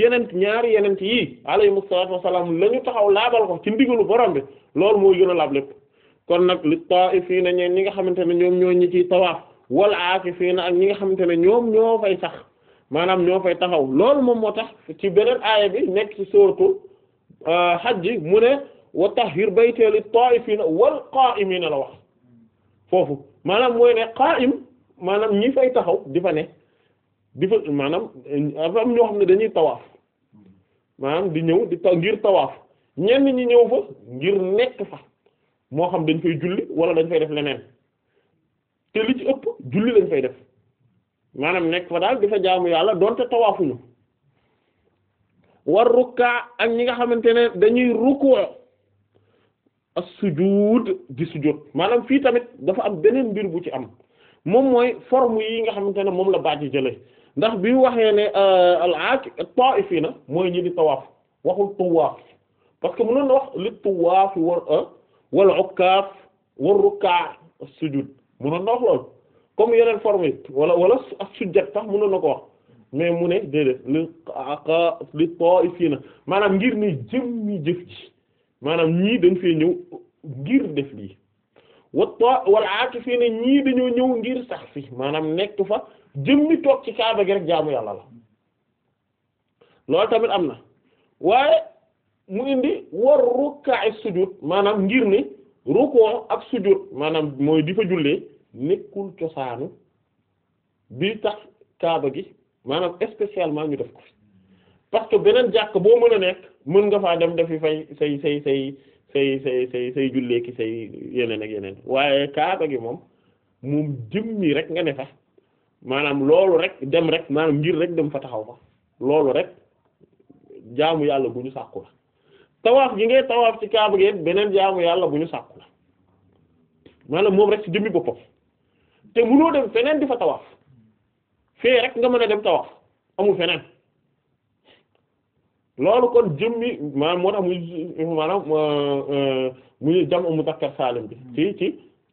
yeneen ñaari yenent yii alayhimu salaatu wassalaam la ñu taxaw laabal ko ci ndigalu borom bi loolu mooy gën a laab lépp kon nag li taa'ifiina ñeen ñi nga xamante ne ñoom ñoo ñi ci ciy tawaaf wal na ak ñi nga xamante ne ñoom ñoo fay sax maanaam ñoo fay taxaw loolu moom moo tax ci beneen aaya bi nekk ci sooratu euh, hajj mu wa tahhir baytiya lit-taa'ifina wal qaa'imina la wax foofu maanaam mooy ne qaa'im maanaam ñi fay taxaw di fa ne di fa maanaam am ñoo xam ne dañuy tawaaf maanaam di ñëw di ta ngir tawaaf ñenn ñi ñëw fa ngir nekk fa moo xam dañ fay julli wala dañ fay def leneen te li ci ëpp julli lañ fay def maanaam nekk fa daal di fa jaamu yàlla donte tawaafuñu war rukkaa ak ñi nga xamante ne dañuy rukkoo as di sujud maanaam fii tamit dafa am beneen mbir bu ci am moom mooy forme yi nga xamante ne moom la baat yi jëlee ndax bi mu waxee ne euh, al-aak at-taa'ifina mooy ñi di tawaaf waxul tawaaf parce que mënoon na wax li tawaaf war euh, wal wala war rukkaa as-sujud mënoon na wax loolu wala wala as-sujud sax mënoon na ko wax mais mu ne déedéet li li maanaam ngir ni jëmmi jëf ji maanaam ñii dañ fee ñëw ngir def lii watta wala aaki fii ne ñii dañoo ñëw ngir sax fi maanaam nekku fa jëmmi toog ci kaaba gi rek jaamu yàlla la loolu tamit am na waaye mu indi war rukka'i sujud maanaam ngir ne rukkoo ak sujud maanaam mooy di fa jullee nekkul cosaanu bi tax kaaba gi maanaam spécialement ñu def ko parce que beneen jàkk boo mën a nekk mën nga faa dem dafi fay say say say say say say say julleeki say yeneen ak yeneen waaye kaaba gi moom moom jëmmi rek nga ne fa maanaam loolu rek dem rek maanaam ngir rek dem fa taxaw fa loolu rek jaamu yàlla bu ñu sàkku la gi ngay tawaaf ci kaaba beneen jaamu yàlla bu ñu sàkku maanaam moom rek ci jëmmi boppam te mënoo dem feneen di fa tawaaf fee rek nga mën a dem tawaaf amul feneen loolu kon jëmmi maanaam moo tax muy maanaam euh, euh, muy jam saalim bi ci ci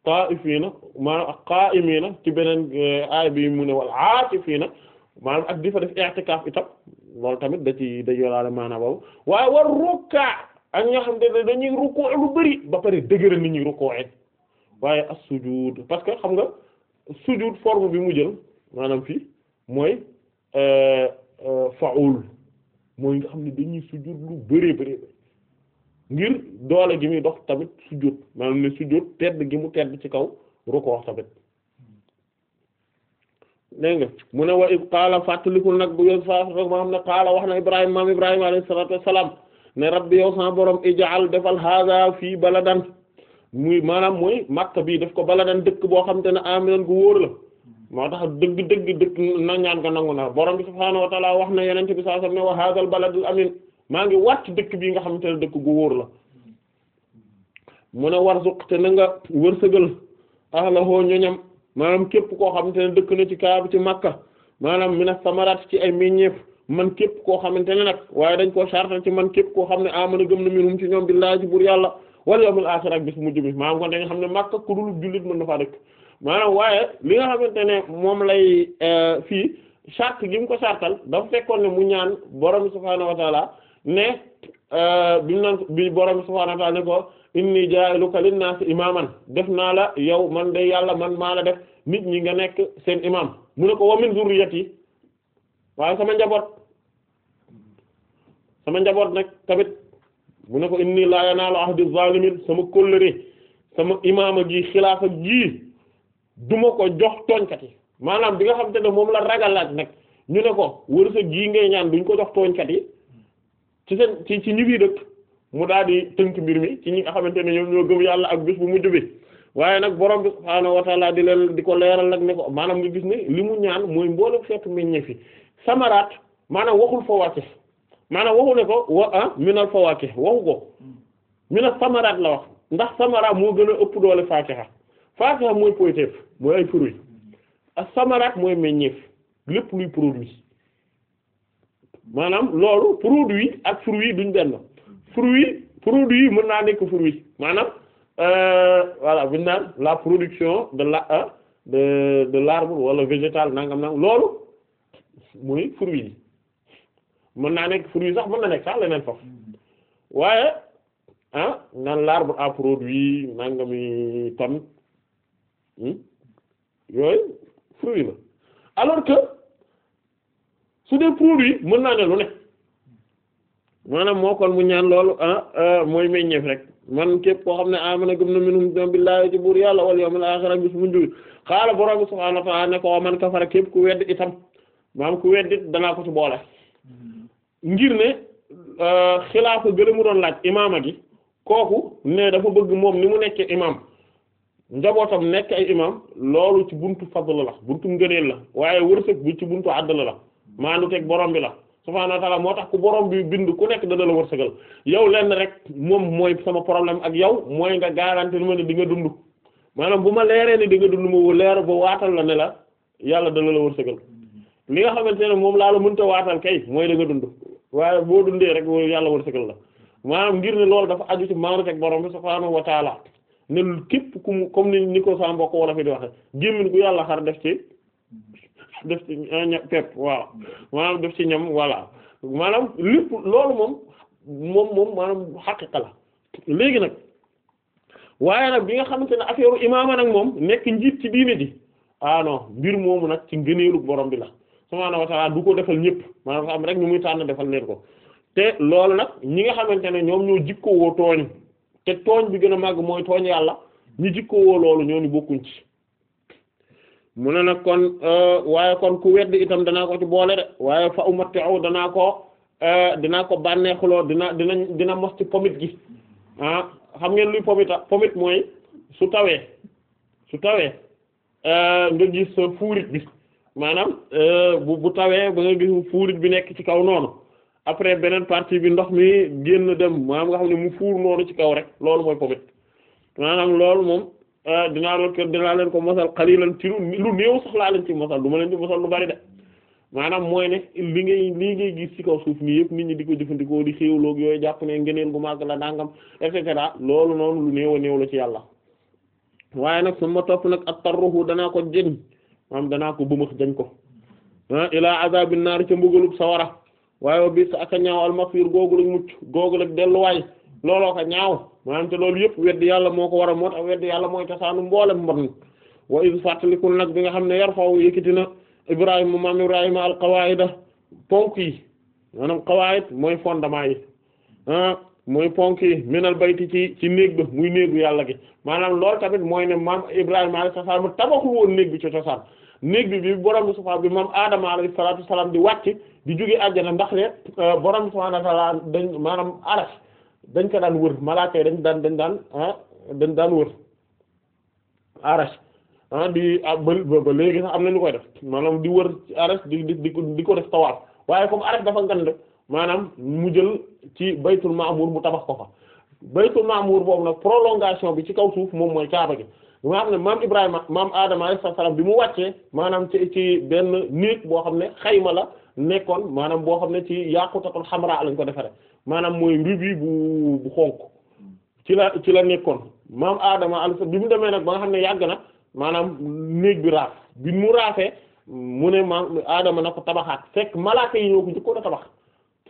qaa'ifiina maanaam ak qaa'imiina ci beneen euh, aay bi mu ne wal aakifiina maanaam ak di fa def itam loolu tamit da ci da yolaale maanaam boobu waaye war rukkaa ak ñoo xam ne dañuy rukkoo lu bari ba pare dëgëral ni ñuy rukkoo waaye as-sujuud parce que xam nga sujuud forme bi mu jël maanaam fii mooy fa'uul mooy nga xam ne dañuy sujjóot lu bëree bëree ngir doole gi muy dox tamit sujjóot maanaam ne sujjóot tedd gi mu tedd ci kaw rukkoo tamit dégg nga mu ne wa nag bu yoon fa ma xam ne qaala wax na Ibrahima maam Ibrahima alayhi salaatu wassalaam ne rabbi yow sama borom ij'al defal haaza fii baladan muy maanaam mooy Makka bii def ko baladan dëkk boo xam te ne aminan gu wóor la moo tax dëgg dëgg dëgg na ñaan ko nangu na borom bi subhaanahu wa ta'ala wax na yenente bi sallallahu alayhi wasallam wa hadal baladul amin maa ngi wàcc dëkk bi nga xamante ne dëkk gu wóor la mu ne warzuq te na nga wërsëgal ahlahu ñoñam maanaam képp koo xamante ne dëkk na ci kaabu ci makka maanaam mina samarat ci ay meññeef man képp koo xamante ne nag waaye dañ koo sartal ci man képp ko xam ne amana gëm na minum ci ñoom billaahi ci buur yàlla wal yawmil aaxir ak bis mujj bi maanaam kon da xam ne makka ku dul jullit mën na faa dëkk maanaam waaye li nga xamante ne moom lay euh, fii charte gi mu ko chartal dafa fekkoon ne mu ñaan borom subhaanahu wa taala ne euh, bi mu naan bi borom subhaanahu wa ne ko inni jaa'iluka linnaasi imaaman def naa la yow man de yàlla man maa la def nit ñi nga nekk seen imaam mu ne ko wa min zurriyati waaye sama njaboot sama njaboot nag tamit mu ne ko inni laa yanaalu ahdi zalimin sama kóllëre sama imaama gi xilaafa gi du ma ko jox tooñkat yi maanaam di nga xam te ne moom la ragalaat nag ñu ne ko wërsëg jii ngay ñaan duñ ko jox tooñkat yi ci seen ci ci ñi bii dëkk mu daal di tënk mbir mi ci ñi a xamante ne ñoom ñoo gëm yàlla ak bés bu mujj bi waaye nag borom bi subhaanahu wa ta'ala di leen di ko leeral nag ne ko maanaam nga gis ne li mu ñaan mooy mboolem xeetu meññeef fi samaraat maanaam waxul fawaakih maanaam waxu ne ko wa ah minal fawaakih waxu ko hmm. minal samaraat la wax ndax samaraat moo gën a ëpp doole faakiha mooy poyteef mooy ay fruit ak samaraat mooy meññeef lépp luy produit maanaam loolu produit ak fruit duñ benn fruit produit mën naa nekk fruit maanaam euh, voilà buñ naan la production de la euh, de de l'arbre wala végétal nangam nangam loolu mooy fruit mën naa nekk fruit sax mën na nekk sax leneen foofu waaye ah naan l'arbre a produit nangami tam Hmm? yooyu fruit la alors que su dee produit mën naa ne lu ne maanaam moo kon mu ñaan loolu ah, ah mooy meññeef rek man képp koo xam ne amana gëm na minum billahi ci buur yàlla wal yawmil ne ku wedd itam maanaam ku weddi danaa hmm. ah, mu doon laaj imaama gi kooku dafa bëgg moom ni mu nekkee imaam njabootam nekk ay imam loolu ci buntu fadl la buntu ngëneel la waaye wërsëg bu ci buntu àddala la maandu teg borom bi la subhaanahu wa taala moo tax ku borom bi bind ku nekk dana la wërsëgal yow lenn rek moom mooy sama problème ak yow mooy nga garanti ma ne di nga dund maanaam bu ma leeree ne di nga dund ma leer ba waatal la ne la yàlla dana la wërsëgal li nga xamante ne moom laa la mënta waatal kay mooy da nga dund waaye boo dundee rek yàlla wërsëgal la maanaam ngir ne loolu dafa aju ci maandu teg borom bi subhaanahu wa taala ne képp kum mu comme ni ni ko sa mbokk wala fi di waxe gémmiñ gu yàlla xar def ci def ci pepp waaw maanaam def ci ñam voilà maanaam lépp loolu moom moom moom maanaam xaqiqa la léegi nag waaye nag bi nga xamante ne affaire imaama nag moom nekk njiit ci diine ji ah mbir moomu nag ci ngëneelu borom bi la subhaanahu wa ta'ala du ko defal ñëpp maanaam am rek ñu muy tànn defal leen ko te loolu nag ñi nga xamante ne ñoom ñoo jikkoo tooñ te tooñ bi gën a màgg mooy tooñ yàlla ñu jikkowoo loolu ñooñu bokkuñ ci mu ne nag kon euh, waaye kon ku wedd itam danaa ko ci boole de waaye fa umatti aw danaa ko euh, dinaa ko bànneexuloo dina dina dina mos ci pomit gi ah xam ngeen luy pomita pomit mooy su tawee su tawee euh, nga gis fuurit bi maanaam bu bu tawee ba nga gis fuurit bi nekk ci kaw noonu après beneen partie bi ndox mi génn dem maanaam nga xam ne mu fuur noonu ci kaw rek loolu mooy pobet maanaam loolu moom ah, dinaa lool ko dinaa leen ko mosal xalilan ci lu néew sax laa leen ci mosal du ma leen ci mosal lu bari de maanaam mooy ne li ngay lii ngay gis ci kaw suuf nii yëpp nit ñi di ko jëfandikoo di xéewloog yooyu jàpp ne ngeneen gu màgg la dàngam et cetera loolu noonu lu néew a néew la ci yàlla waaye nag su ma nag ak tarruhu danaa ko jëñ maanaam danaa ko bëmax jañ ko ah ilaa azabin naar waaye wa bis ak a ñaaw almasir googu lañ mucc googu lañ delluwaay looloo ko ñaaw maanaam te loolu yëpp weddi yàlla moo ko war a mot ak weddi yàlla mooy cosaanu mboolem mbon wa iz fàttalikul nag bi nga xam ne yar faw yëkkati na ibrahima maam ibrahima al qawaida ponk yi maanaam mooy fondement yi ah, mooy ponk yi minal bayti ci ci néeg ba muy néegu yàlla gi maanaam loolu tamit mooy ne maam ibrahima alayhi salaam tabaxu woon néeg bi ci cosaan néeg bi bi borom bi bi moom aadama alayhi salaatu wasalaam di wàcc di jóge àjjana ndax ne euh, borom bi subhaanahu wa dañ maanaam arash dañ ko daan wër malaaka yi dañ daan dañ daan dañ daan wër arash ah di ba ba léegi sax am na ñu koy def maanaam di wër ci arash di di di ko def tawaaf waaye comme arash dafa ngand maanaam mu jël ci baytul ma'muur mu tabax ko fa baytul ma'muur boobu nag prolongation bi ci kaw suuf moom mooy kaaba gi bi nga xam maam Ibrahima maam Adama alayhi salaam bi mu wàccee maanaam ci ci benn néeg boo xam ne xayma la nekkoon maanaam boo xam ne ci yaqutatul xamra lañ ko defaree maanaam mooy rubi bu bu xonk ci la ci la nekkoon maam Adama alayhi salaam bi mu demee nag ba nga xam ne yàgg na maanaam néeg bi raaf bi mu raafee mu ne maam Adama na ko tabaxaat fekk malaaka yi ñoo ko jëkkoon a tabax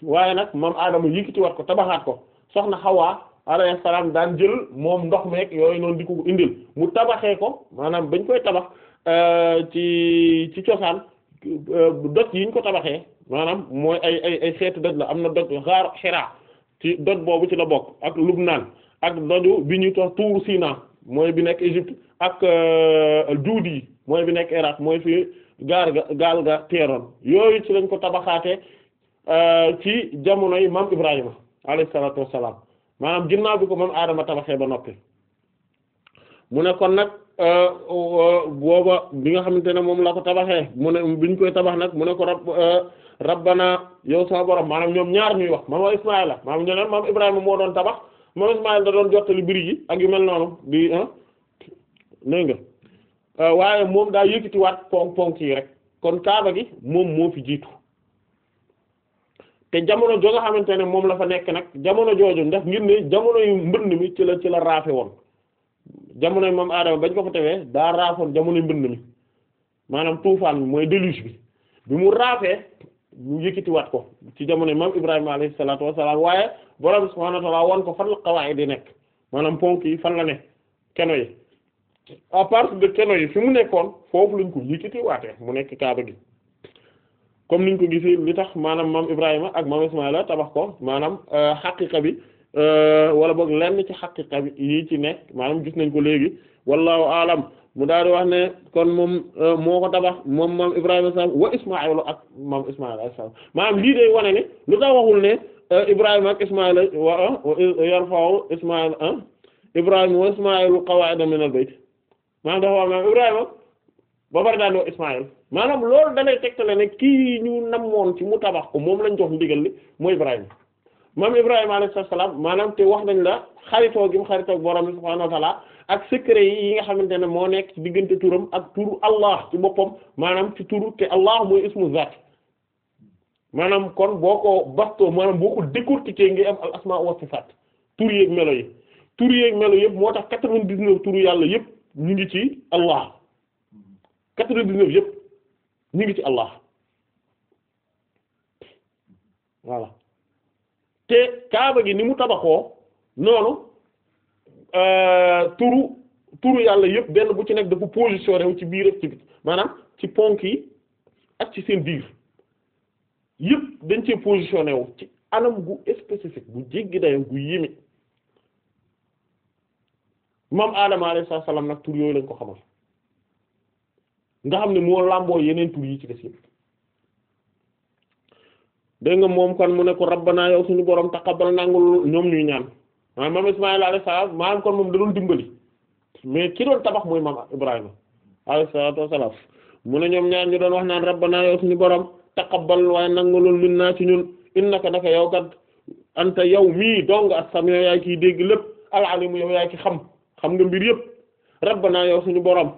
waaye nag maam Adama yëkkati wat ko tabaxaat ko soxna Xawaa. alayhi salaam daan jël moom ndox meeg yooyu noonu di ko indil mu tabaxee ko maanaam bañ koy tabax euh, ci ci cosaan euh, doj yiñ ko tabaxee maanaam mooy ay ay ay xeetu doj la am na doj xaar xiraa ci doj boobu ci la bokk ak Lubnaan ak doju bi ñuy tox tuuru Sinaa mooy bi nekk Égypte ak euh, juudi yi mooy bi nekk Irak mooy fi gaal ga gaal ga teeroon yooyu ci lañ ko tabaxaate ci jamonoy maam Ibrahima alayhi salaatu wassalaam maanaam ginnaaw bi ko moom aadama tabaxee ba noppi mu ne kon nag euh, euh, booba bi nga xamante ne moom la ko tabaxee mu ne bi ñu koy tabax nag mu ne ko rab euh, rabbana yow sama borom ñoom ñaar ñuy wax maam Ismaïla maam ñu ne maam Ibrahima moo doon tabax maam Ismaïla da doon jottali biri ji ak yu mel noonu bi dégg nga waaye moom daa yëkkatiwaat ponk ponk yi rek kon kaaba gi moom moo fi jiitu te jamono jo nga xamante ne moom la fa nekk nag jamono jooju ndax ngir ne jamono yu mbënd mi ci la ci la raafe woon jamono yi moom aadama bañ ko fa tewee daa raafoon jamono mbënd mi maanaam tuufaan mooy déluge bi bi mu raafee ñu yëkkatiwaat ko ci jamono yi maam Ibrahima alayhi salaatu wassalaam waaye borom subhaanahu wa wan ko fan la xawaay di nekk maanaam ponk yi fan la ne keno yi à de keno yi fi mu nekkoon foofu lañ ko yëkkatiwaatee mu nekk kaaba gi. comme niñ ko gisee li tax maanaam maam Ibrahima ak maam Ismaila tabax ko maanaam euh, xaqiqa bi euh, wala boog lenn ci xaqiqa bi yi ci nekk maanaam gis nañ ko léegi wallahu alam mu daal di wax ne kon moom euh, moo ko tabax moom maam Ibrahima sax wa Ismaila ak maam Ismaila ak lii day wane ne lu tax waxul ne Ibrahima ak Ismaila wa yarfa'u Ismaila Ibrahima wa Ismailu qawa'ida min al-bayt maanaam dafa wax maam Ibrahima. ba bari daan wax Ismaïl maanaam loolu danay tegtale ne kii ñu namoon ci mu tabax ko moom lañ jox ndigal li mooy Ibrahima moom Ibrahima alayhi salaam maanaam te wax nañ la xaritoo gi mu xaritoo borom bi subhaanahu wa ta'ala ak secret yi yi nga xamante ne moo nekk ci diggante turam ak turu Allah ci boppam maanaam ci turu te Allah mooy ismu zaat maanaam kon boo ko bastoo maanaam boo ko décortiquer ngi am al asmaa wa sifaat tur melo yi tur yeeg melo yëpp moo tax quatre vingt turu yàlla yëpp ñu ngi ci Allah. quatre-vingt-dix-neuf ñu ngi ci Allah voilà te kaaba gi ni mu tabaxoo noonu euh, turu turu yàlla yëpp benn bu ci nekk dafa positionné ci biir ak ci maanaam ci ponk yi ak ci seen biir yépp dañ cee positionné wu ci anam gu spécifique bu jéggi dayam gu yéeme maam Adama alayhi salaam nag tur yooyu lañ ko xamal nga xam ne moo làmboo yeneen tur ci des yëpp dégg nga moom kon mu ne ko rabbana yow suñu borom taqabbal nangul ñoom ñuy ñaan maanaam maam Ismaïla alayhi salaam maanaam kon moom da doon dimbali mais ki doon tabax mooy maam Ibrahima alayhi salaatu wassalaam mu ne ñoom ñaan ñu doon wax naan rabbana yow suñu borom taqabbal waaye nangulul minna ci ñun innaka naka yow kat anta yow mii dong as-sami'u yaay kiy dégg lépp al-alimu yow yaay ki xam xam nga mbir yëpp. rabbana yow suñu borom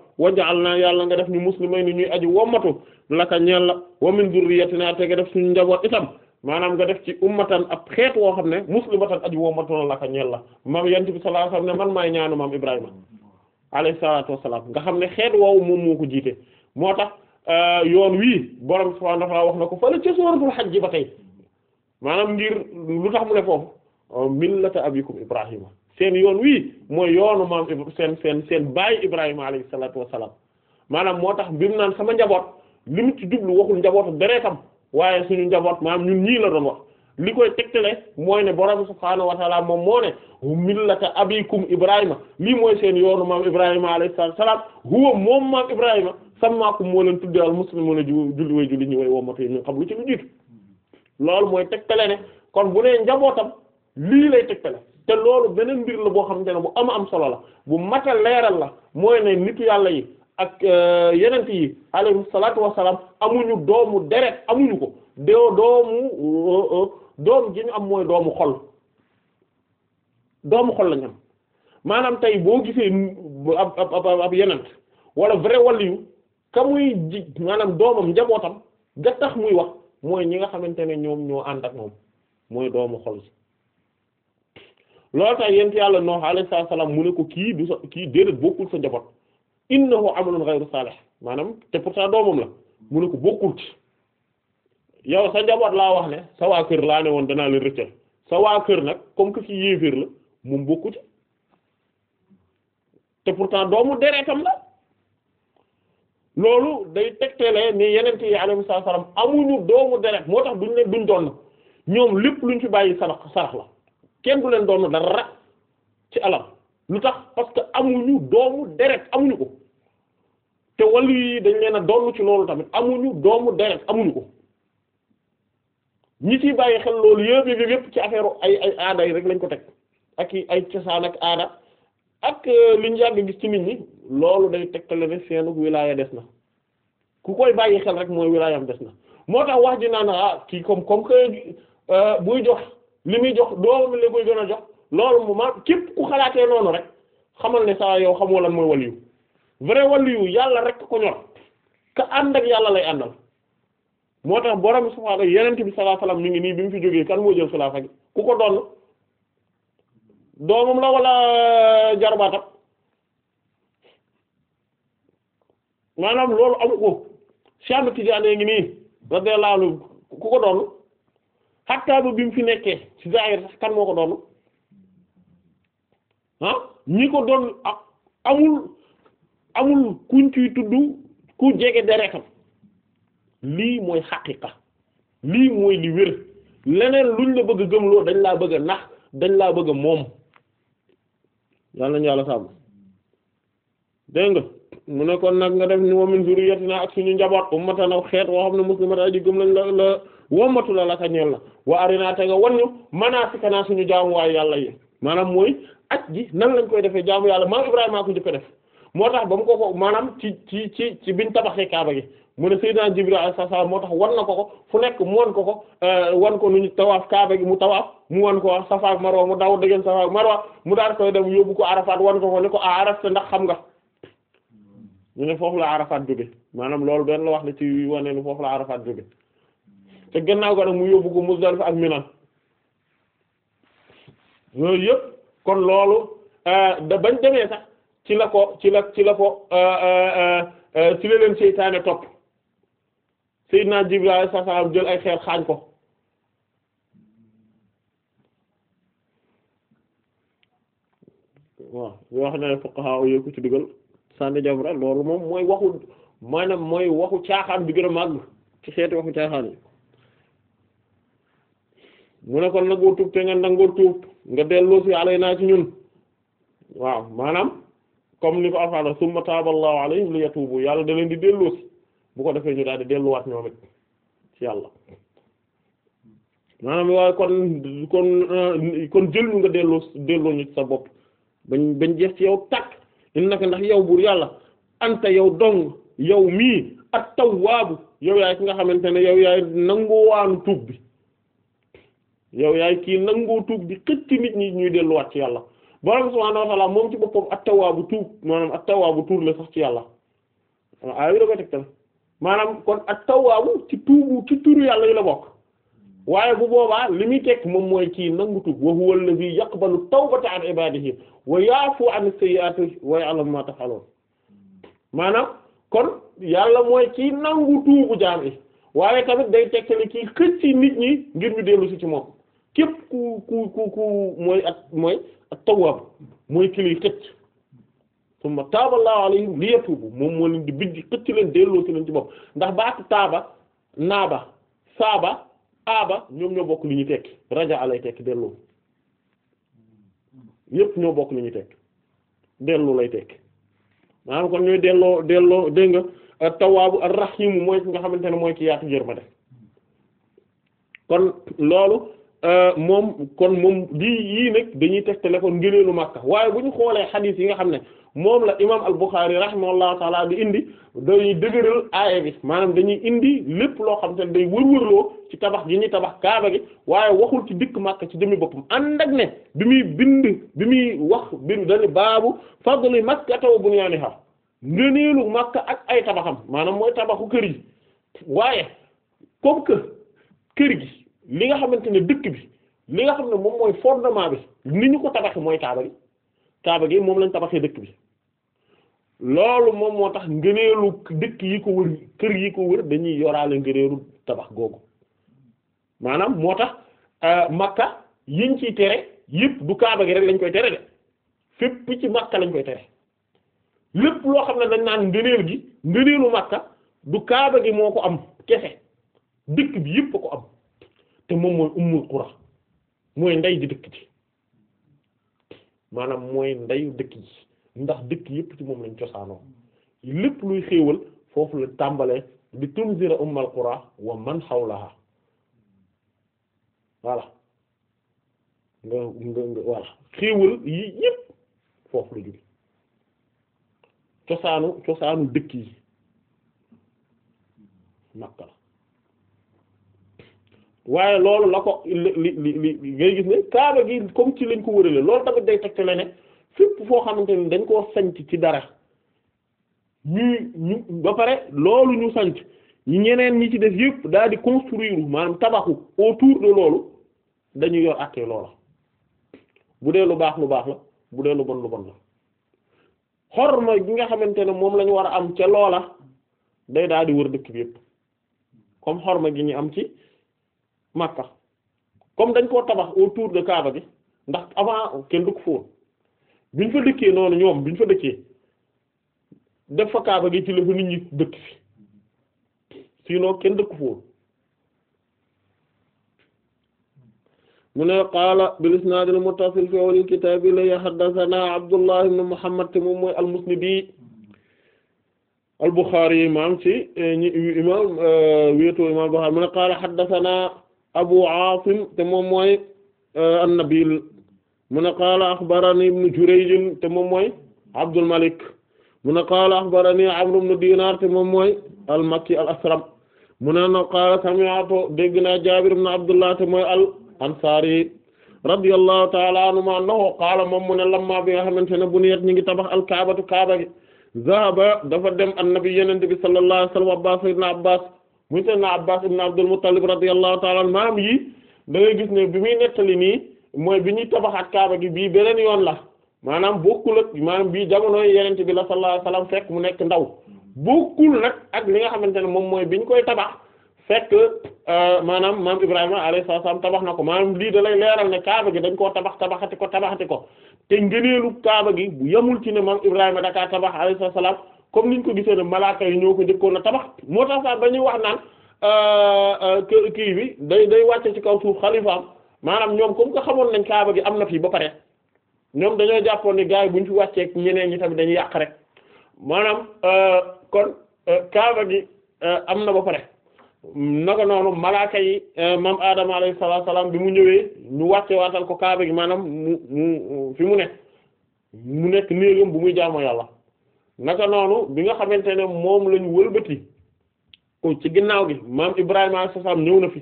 naa yàlla nga def ñu muslimay ni ñuy aji wommatu laka ñeel la wa min durriyyatina te nga def suñu njaboot itam maanaam nga def ci ummatan ab xeet woo xam ne muslimatan aji wommatu la laka ñeel la mam yant bi sallallahu alayhi wasallam ne man maay ñaanu maam Ibrahima alayhi salaatu wassalaam nga xam ne xeet woowu moom moo ko jiite moo tax euh, yoon wii borom subhaanahu wa wax na ko fële ca suuratul hajj ba tey maanaam ngir lu tax mu ne foofu millata abikum Ibrahima seen yoon wii mooy yoonu maam seen seen seen baay Ibrahima alayhi salaatu wassalaam maanaam moo tax bi mu naan sama njaboot li mu ci jublu waxul njabootu deretam waaye suñu njaboot maam ñun ñii la doon wax li koy tegtale mooy ne borom subhaanahu wa taala moom moo ne millata abikum Ibrahima lii mooy seen yoonu maam Ibrahima alayhi salaatu wassalaam huwa moom maam Ibrahima sammaakum moo leen tuddee al muslimuuna julli way julli ñi way wommatu ñu xam lu ci lu jiitu loolu mooy tegtale ne kon bu nee njabootam lii lay tegtale te loolu beneen mbir la boo xam ne bu ama am solo la bu mata leeral la mooy ne nitu yàlla yi ak euh, yenent yi alayhi salaatu wassalaam amuñu doomu deret amuñu ko doo doomu euh, euh, doom ji am mooy doomu xol doomu xol lañ am maanaam tey boo gisee ab ab ab yenent wala vrai waliyu ka muy ji maanaam doomam njabootam ga muy wax mooy ñi nga xamante ne ñoom ñoo ànd ak moom mooy doomu xol si loolu tax yent yàlla Nuh alayhi salaam mu ne ko kii du sa kii déedéet bokkul sa njaboot innahu amalun ghayru salih maanaam te pourtant doomam la mu ne ko bokkul ci yow sa njaboot laa wax ne sa waa kër laa ne woon danaa leen rëccal sa waa kër nag comme que kii yéeféer la moom bokku ci te pourtant doomu deretam la loolu day tegtale ne yeneen yi alayhi salaam amuñu doomu deret moo tax duñ leen duñ doon ñoom lépp luñ fi bàyyi sala sarax la kenn du leen doon dara ci alal lu tax parce que amuñu doomu deret amuñu ko te wàllu yi dañ leen a doon ci loolu tamit amuñu doomu deret amuñu ko ñi ci bàyyi xel loolu yëpp yëpp ci affaire ay ay aada yi rek lañ ko teg ak i ay cosaan ak aada ak euh, liñ yàgg gis ci nit ñi loolu day teg ne seenu wilaaya des na ku bàyyi xel rek mooy wilaayaam des na moo tax wax ji naan ah kii comme comme que euh, buy jox. li muy jox doomam la koy gën a jox loolu mu ma képp ku xalaatee noonu rek xamal ne saa yow xamoo lan mooy waliyu vrai waliyu yàlla rek ko ñor yàlla lay àndal moo tax borom subhaanahu yenent bi ngi nii bi mu fi moo jël xilaafa gi ko doon doomam la wala jarbaatam maanaam loolu amu ko Cheikh Tidiane ngi nii radiyallahu anhu ku ko doon xattaa ba bi mu fi nekkee ci zaahir sax kan moo ko doon ah ñi ko doon amul amul kuñ ciy tudd ku jege deretam lii mooy xaqiqa lii mooy li wér leneen luñ la bëgg a gëmloo dañ laa bëgg a nax dañ laa bëgg a moom yàlla na yàlla sàmm dégg nga mu ne nag nga def ni wa min zurriyatina ak suñu njaboot ummatan aw xeet woo xam ne muslimat aji gëm lañ la la wommatu la la ka ñeel la wa arinaa te nga wan ñu manaasikana suñu jaamuwaayu yàlla yi maanaam mooy aj gi nan lañ koy defee jaamu yàlla maam maa ko jëkk def moo tax ba mu ko ko maanaam ci ci ci ci tabax tabaxee Kaaba gi mu ne Seydina Jibril alayhi saa moo tax wan na ko ko fu nekk mu wan ko ko euh, wan ko nu ñu tawaaf Kaaba gi mu tawaaf mu wan ko wax Safa ak Marwa mu daw dëggeen Safa Marwa mu daal koy dem yóbbu ko Arafat wan ko ko ne ko a ah, Arafat ndax xam nga ñu ne foofu la Arafat jóge maanaam loolu benn la wax la ci wane ne foofu la Arafat jóge te gannaaw ga mu yóbbu ko Muzdalifa ak Mina yooyu yëpp kon loolu euh, da bañ demee sax ci la ko ci la ci la ko euh, euh, ci la leen seytaane topp Seydina Jibril jël ay xeer xaañ ko waaw yoo xam ne fuqaha yooyu ku ci dugal sànni jamra loolu moom mooy waxu maanaam mooy waxu caaxaan bi gën a màgg ci xeeti waxu caaxaan mu ne kon nag woo tuub te nga nangoo tuub nga delloo si àllay naa ci ñun waaw maanaam comme ni ko alxaana summa taaballahu alayhim li yatubu yàlla da di delloo si bu ko defee ñu daal di delluwaat ñoom it ci yàlla maanaam waaye kon kon euh, kon jël ñu nga delloo delloo ñu sa bopp bañ bañ jeex ci yow takk innaka ndax yow buur yàlla anta yow dong yow mii at tawwaabu yow yaay ki nga xamante ne yow yaay nanguwaanu tuub bi yow yaay kii nangoo tuub di xëcc nit ñi ñuy delluwaat ci yàlla borom subhaanahu wa moom ci boppam ak tawwaabu tuub maanaam at-tawwaabu tuur la sax ci yàlla aay da maanaam kon at-tawwaabu ci tuubu ci tuuru yàlla la bokk waaye bu boobaa li muy teg moom mooy kii nangu tuub wa huwa alladhi yaqbalu tawbata an ibadihi wa ya'fu an sayyi'ati wa ya'lamu ma taf'alun maanaam kon yàlla mooy kii nangu tuubu jaam yi waaye tamit day tegtali kii xëcc nit ñi ngir ñu dellu si ci moom képp ku ku ku ku mooy ak mooy ak tawwaab mooy ki lay xëcc summa taaballahu alayhim liyatubu moom moo leen di xëcc leen delloo ci leen ci bopp ndax baatu taaba naaba saaba aaba ñoom ñoo bokk li ñu tekki raja lay tekki delloo yépp ñoo bokk li ñu lay tekki maanaam kon ñooy delloo delloo dégg nga tawaabu ar-rahimu mooy ki nga xamante ne mooy ki yaatu jër ma def kon loolu Euh, moom kon moom lii yii nag dañuy tegtale kon ngëneelu Makka waaye bu ñu xoolee xadiis yi nga xam ne moom la imaam al-Bukhari rahimahullahu taala bi indi dañuy dëgëral aaya bi maanaam dañuy indi lépp loo xam te ne day wërwërloo ci tabax gi ñuy tabax kaaba gi waaye waxul ci dikk Makka ci demi boppam ànd ak ne bi muy bind bi muy wax bind dañu baabu fadli Makkata wa bunyaaniha ngëneelu Makka ak ay tabaxam maanaam mooy tabaxu kër yi waaye comme gi. li nga xamante ne dëkk bi li nga xam ne moom mooy fondement bi ni ñu ko tabaxee mooy kaaba gi kaaba gi moom lañ tabaxee dëkk bi loolu moom moo tax ngëneelu dëkk yi ko wër kër yi ko wër dañuy yoraale ngëneelu tabax googu maanaam moo tax euh, makka yiñ ciy tere yëpp du kaaba gi rek lañ koy tere de fépp ci makka lañ koy tere lépp loo xam ne dañ naan ngëneel gi ngëneelu makka du kaaba gi moo ko am kese dëkk bi yëpp ko am. te moom mooy ummul qura mooy ndey di dëkk ji maanaam mooy ndeyu dëkk ji ndax dëkk yépp ci moom lañ cosaanoo lépp luy xéewal foofu la tàmbalee bi tunzira ummul qura wa man hawlaha voilà nga nga nga voilà xéewal yi yépp foofu la jóge cosaanu cosaanu dëkk yi waaye loolu la ko li li li ngay gis ne kaaba gi comme ci lañ ko wërale loolu tamit day teg la ne fépp foo xamante ne dañ koo sanc ci dara ñuy ñu ba pare loolu ñu sanc ñeneen ñi ci def yëpp daal di construire maanaam tabaxu autour de loolu dañu yor àttee loola bu dee lu baax lu baax la bu dee lu bon lu bon la xorma gi nga xamante ne moom lañu war a am ca loola day daal di wër dëkk bi yëpp comme xorma gi ñu am ci Makka comme dañ koo tabax autour de Kaaba gi ndax avant kenn du ko biñ fa dëkkee noonu ñoom biñ fa dëkkee def fa Kaaba gi ci la fa nit ñi dëkk fi sinon kenn dëkk fóon mu ne qaala bil isnaadil muttasil fi awwalil kitaab ilay haddasanaa Abdullah ibn Muhammad te moom mooy al-Musnidi al-Bukhari eh, imaam ci eh, wéetoo imaam al mu ne qaala haddasanaa abu asim te moom mooy euh, annabil mu ne qaala axbarani ibnu jurayj te moom mooy abdul malik mu ne qaala axbarani amr ibnu dinar te moom mooy al makki al asram mu ne na qaala sami'tu dégg naa jaabir ibnu abdullah te mooy al ansari radiyallahu ta'ala anhuma annahu qaala moom mu ne lamma bi nga xamante ne buniyat ñi ngi tabax al kaabatu kaaba gi zahaba dafa dem annabi yenente bi sallallahu alayhi wa sallam abbas sayyidina abbas muy seydna abbas ibn abdul muttalib radiyallahu ta'ala anhu maam yi da ngay gis ne bi muy nettali nii mooy bi ñuy tabaxaat kaaba gi bii beneen yoon la maanaam bokkul ak maanaam bii jamono yenente bi la sallallahu alayhi wasallam fekk mu nekk ndaw bokkul nag ak li nga xamante ne moom mooy biñ koy tabax fekk euh, maanaam maam ibrahima alayhi salaam tabax na ko maanaam lii da lay leeral ne kaaba gi dañ koo tabax tabaxati ko tabaxati ko te ngëneelu kaaba gi yamul ci ne maam ibrahima dakaa tabax alayhi salaam comme niñ ko gisee ne malaaka yi ñoo ko njëkkoon a tabax moo tax sax dañuy wax naan euh, euh, kii bi day day wàcce ci kaw suuf xalifaam maanaam ñoom comme que xamoon nañ kaaba gi am na fii ba pare ñoom dañoo jàppoon ne gars yi bu ñu fi wàcceeg ñeneen ñi tamit dañuy rek maanaam euh, kon kaaba gi am na ba pare naka noonu malaaka yi maam Adama alayhi salaam bi mu ñëwee ñu wàcce waatal ko kaaba gi maanaam mu mu fi mu ne mu nekk néegam bu muy jaamoo yàlla. naka noonu bi nga xamante ne moom la ñu wëlbati ko ci ginnaaw gi maam Ibrahima alayhi salaam ñëw na fi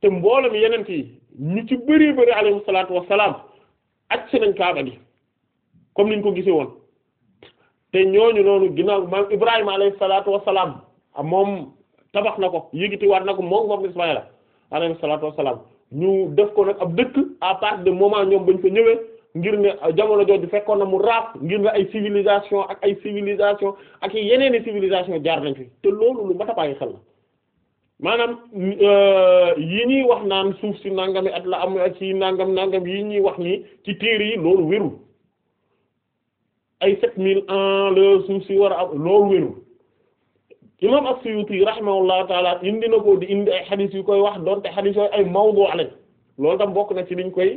te mboolem yeneen yi ñu ci bëree bëri alayhi salaatu wa salaam àcc nañ kaaba gi comme niñ ko gisee woon te ñooñu noonu ginnaaw maam Ibrahima alayhi salaatu wa salaam ah moom tabax na ko yëgitiwaat na ko moom moom Ismaïla alayhi salaatu wa salaam ñu def ko nag ab dëkk à partir de moment ñoom bañ fa ñëwee. ngir ne euh, jamono du fekkoon na mu raaf ngir ne ay civilisation ak ay civilisation ak yeneen i civilisation jaar nañ fi te loolu lu mat a bàyyi xel la maanaam euh, yi ñuy wax naan suuf si nangami at la am ak ci nangam nangam yi ñuy wax nii ci téere yi loolu wérul ay sept mille ans la suuf si war a am loolu wérul imam as-Suyuti rahimahullahu taala indi na ko di indi ay xadis yu koy wax doonte xadis yooyu ay mawdu lañ loolu tam bokk na ci liñ koy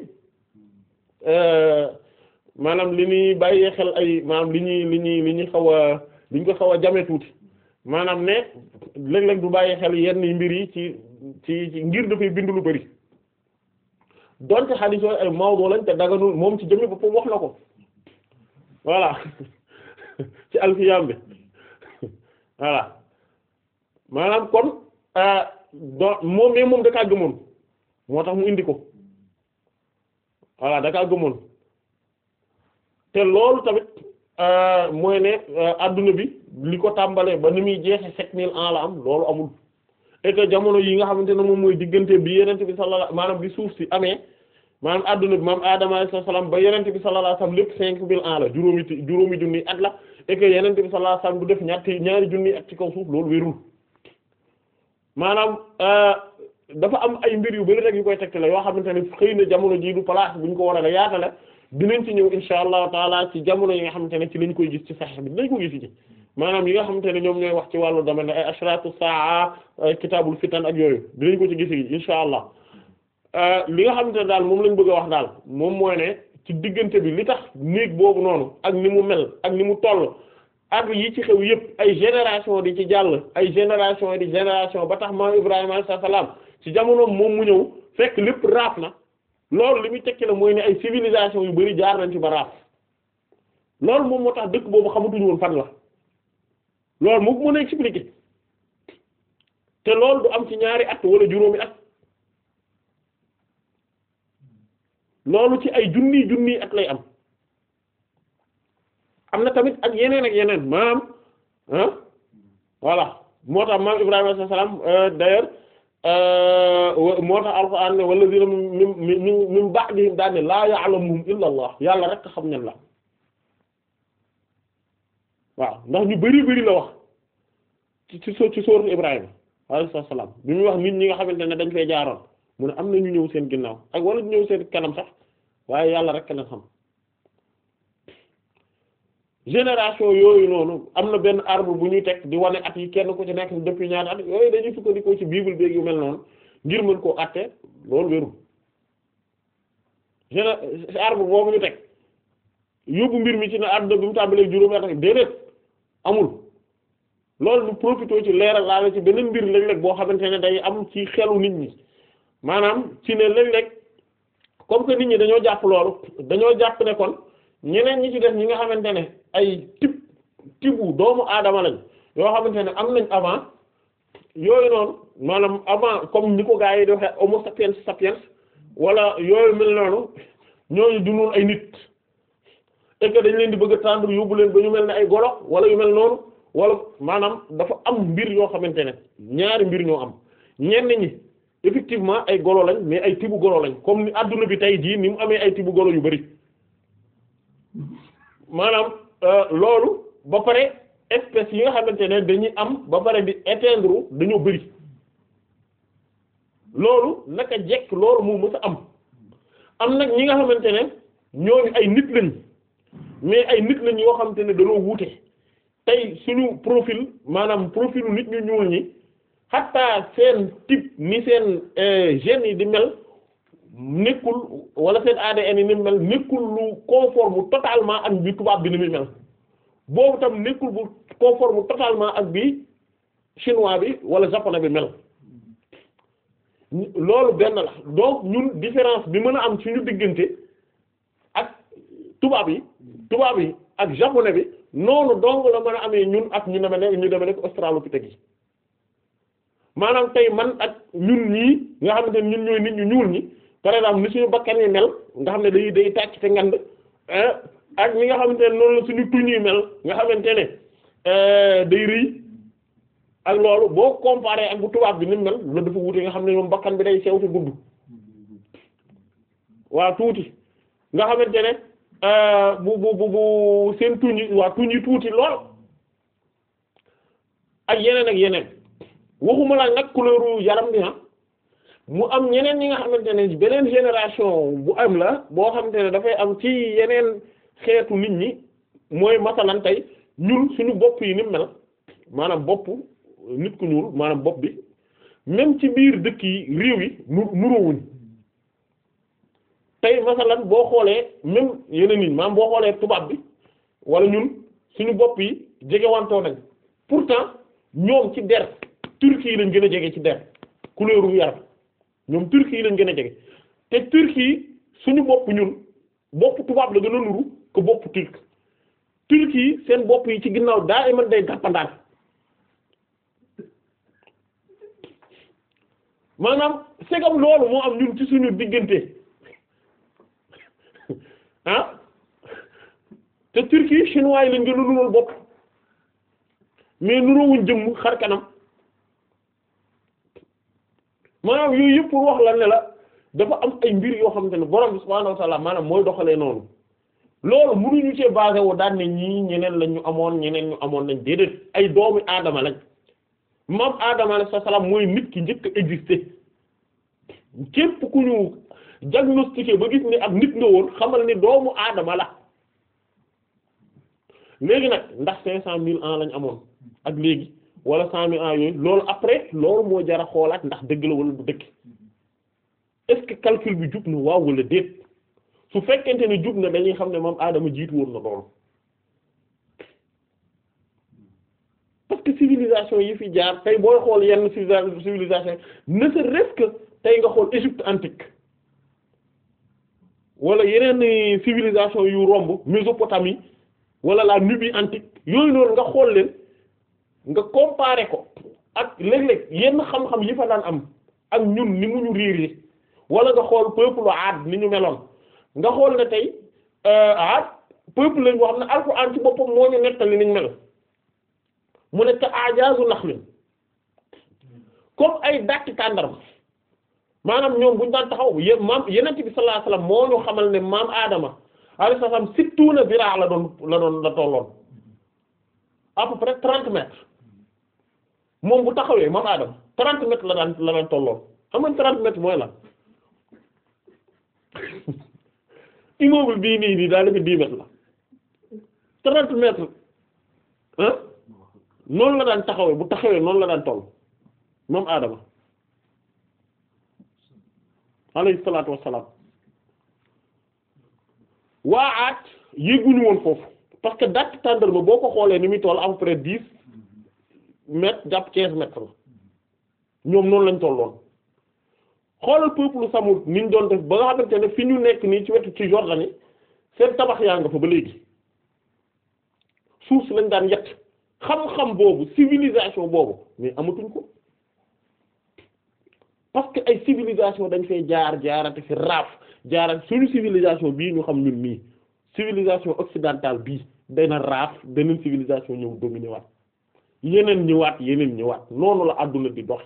Euh, maanaam li ñuy bàyyee xel ay maanaam li ñuy li ñuy li ñuy xaw a li ñu ko xaw a jamee tuuti maanaam ne léeg-léeg du bàyyee xel yenn mbir yi ci ci ngir dafay bind lu bari donte xadiis yooyu ay mawdu lañ te daganul moom ci jëmmi boppam wax na ko voilà (laughs) ci alfiyam bi voilà maanaam kon euh, do moom mais moom da gëmoon moo tax mu indi ko voilà da kaa gëmoon te loolu tamit euh, mooy ne euh, adduna bi li ko tàmbalee ba ni muy jeexe sept mille ans la am loolu amul et jamono yi nga xamante ne moom mooy diggante bi yenent bi sallallahu maanaam bi suuf si amee maanaam adduna bi maam Adama alayhi salaam ba yenent bi sallallahu alayhi wasallam lépp cinq mille ans la juróomi juróomi junni at la et que yenent sa sallallahu alayhi wasallam du def ñaari junni at ci kaw suuf loolu wérul maanaam euh, dafa am ay mbir yu bari rek yu koy teg tegtale yoo xamante ne xëy na jamono jii du place bu ñu ko war a yaatale dinañ ci ñëw insha allahu taala ci jamono yi nga xamante ne ci lañ koy gis ci saxiix bi dinañ ko gis ci maanaam yi nga xamante ne ñoom ñooy wax ci wàllu dama ne ay ashratu saa ay ak yooyu dinañ ko ci gis insha allah euh, li nga xam ne daal moom lañ bëgg a wax daal moom mooy ne ci diggante bi li tax néeg boobu noonu ak ni mu mel ak ni mu toll ak yi ci xew yépp ay génération di ci jàll ay génération di génération ba tax ma Ibrahima alayhi ci jamono moom mu ñëw fekk lépp raaf na loolu li muy tekki la mooy ne ay civilisation yu bari jaar nañ ci ba raaf loolu moom moo tax dëkk boobu xamatuñu woon fan la loolu moo mën a expliquer te loolu du am ci ñaari at wala juróomi at loolu ci ay junni junni at lay am am na tamit ak yeneen ak yeneen maanaam ah moo tax maam Ibrahima alayhi salaam euh, d'ailleurs Euh, moo tax alxuraan ne wallazina min min min ba'dihim daan ne laa ya'lamuhum illa Allah yàlla rek xam ñan la waaw ndax ñu bari bari la wax ci ci ci sóoratu Ibrahima alayhi salaam bi muy wax nit ñi nga xamante ne dañ fay jaaroon mu ne am na ñu ñëw seen ginnaw ak wala ñu ñëw seen kanam sax waaye yàlla rekk la xam. génération yooyu noonu am na benn arbre bu ñuy teg di wane at yi kenn ku ci nekk depuis ñaari at yooyu dañuy sukkandikoo ci bible beeg yu mel noonu ngir mën koo atte loolu wérul géné arbre boobu ñu teg yóbbu mbir mi ci na àdduna bi mu tàmbalee juróomi at déedéet amul loolu lu profité ci leeral laal ci beneen mbir léeg-léeg boo xamante ne day am ci xelu nit ñi maanaam ci ne léeg-léeg comme que nit ñi dañoo jàpp loolu dañoo jàpp ne ñeneen ñi ñi nga xamante ne ay tib tibu doomu aadama lañ yoo xamante ne am nañ avant yooyu noonu maanaam avant comme ni ko gaa yi di waxee homo sapiens sapiens wala yooyu mel noonu ñooñu dundoon ay nit et que dañ leen di bëgg a tàndu yóbbu leen ba ñu mel ne ay golo wala yu mel noonu wala maanaam dafa am mbir ñoo xamante ne ñaari mbir ñoo am ñenn ñi effectivement ay golo lañ mais ay tibu golo lañ comme ni àdduna bi tey jii ni mu amee ay tibu golo yu bari maanaam. Euh, loolu ba pare espèces yi nga xamante ne dañuy am ba pare bi éteindre dañoo bëri loolu naka jekk loolu moo mës a am am nag ñi nga xamante ne ñooñu ay nit lañ mais ay nit lañ yoo xamante ne dañoo wuute tey suñu profil maanaam profilu nit ñu ñuul ñi xataa seen type ni seen euh, gènes yi di mel nekkul wala seen ADN yi ni mel nekkul lu conforme totalement ak bi tubaab bi ni muy mel boobu tam nekkul bu conforme totalement ak bi chinois bi wala japonais bi mel loolu benn la donc ñun différence bi mën a am suñu diggante ak tubaab yi tubaab yi ak japonais bi noonu dong la mën a amee ñun ak ñu deme ne ñu deme nekk australopithèque yi maanaam tey man ak ñun ñii nga xamante ne ñun ñooy nit ñu ñuul ñi par exemple ni suñu bakkan yi mel nga xam ne day day tàcc te ngand ah, ak ni nga xamante ne noonu la suñu tuñ yi mel nga xamante ne eh, day rëy ak loolu boo comparé ak bu tubaab bi ni mu mel nga xam ne moom bakkan bi day sew te gudd waa tuuti nga xamante ne eh, bu bu bu bu seen tuñ yi waa tuñ yi tuuti lool ak yeneen ak yeneen waxuma la nag couleur yaram bi ah mu am ñeneen ñi nga xamante ne beneen génération bu am la boo xamante ne dafay am ci yeneen xeetu nit ñi mooy masalan tey ñun suñu bopp yi ni mel maanaam bopp nit ku ñuul maanaam bopp bi même ci biir dëkk yi réew yi nuróowuñ tey masalan boo xoolee même yeneen nit maanaam boo xoolee tubaab bi wala ñun suñu bopp yi jegewantoo nañ pourtant ñoom ci der turki yi lañ gën a jege ci der couleur u yaram ñoom Turquie lañ gën a jege te Turquie suñu bopp ñun bopp tubaab la gën a nuru que bopp turc Turquie seen bopp yi ci ginnaaw daa iman day gàppandaar maanaam segam loolu moo am ñun ci suñu diggante (laughs) ah te Turquie chinois yi lañ gën a nurool bopp mais nuroowuñ jëmm xar kanam maanaam yooyu yëpp wax la ne la dafa am ay mbir yoo xamante ne borom bi subhaanahu wa ta'ala maanaam mooy doxalee noonu loolu mënuñu cee basé wu daan ne ñii ñeneen lañ ñu amoon ñeneen ñu amoon nañ déedéet ay doomi aadama lañ maam aadama alayhi salaam mooy nit ki njëkk a exister képp ku ñu diagnostiqué ba gis ni ak nit nga woon xamal ni doomu aadama la léegi nag ndax cinq cent mille ans lañ amoon ak léegi wala cent mille ans yooyu loolu après loolu moo jar a xoolaat ndax dëgg la wala du dëgg est-ce que calcul bi jub na waaw wala déet su fekkente ni jub na dañuy xam ne moom aadama jiitu woon na loolu parce que civilisation yi fi jaar tey booy xool yenn civilisation ne serait-ce que tey nga xool Égypte antique wala yeneen civilisation yu romb Mésopotamie wala la Nubie antique yooyu loolu nga xool leen. nga comparer ko ak léeg-léeg yenn xam-xam yi fa daan am ak ñun ni mu ñu réeree wala nga xool peuple aad ni ñu meloon nga xool ne tey euh, aad ah, peuple lañ wax ne alxuraan ci boppam moo ñu nettali niñ mel mu nekk ajaazu naxlin comme ay dàkki tàndarma maanaam ñoom buñu daan taxaw yé maam yenent bi sallallahu alayhi wasallam moo ñu xamal ne maam aadama alayhi salaam sittuuna zira la doon la doon la tolloon à moom bu taxawee moom Adam 30 mètres la daan la daan tolloo am nga 30 mètres mooy la (laughs) immeuble bii nii nii bi 10 mètres la 30 mètres ah noonu la daan taxawee bu taxawee noonu la daan toll moom Adama alayhi salaatu wassalaam waa aat yéeguñu woon foofu parce que dàtt tàndarma boo ko xoolee ni muy toll am peu près mètres jàpp quinze mètres ñoom noonu lañ tolloon xoolal peuple Samud ni doon def ba nga xamante ne fi ñu nekk nii ci wetu ci Jordanie seen tabax yaa nga fa ba léegi suuf si lañ daan yett xam-xam boobu civilisation boobu mais amatuñ ko parce que ay civilisation dañ fee jaar jaarate fi raaf jaarat suñu civilisation bii ñu xam ñun nii civilisation occidentale bii day dana raaf beneen civilisation ñëw dominé waat yeneen ñëwaat yeneen ñëwaat noonu la àdduna di dox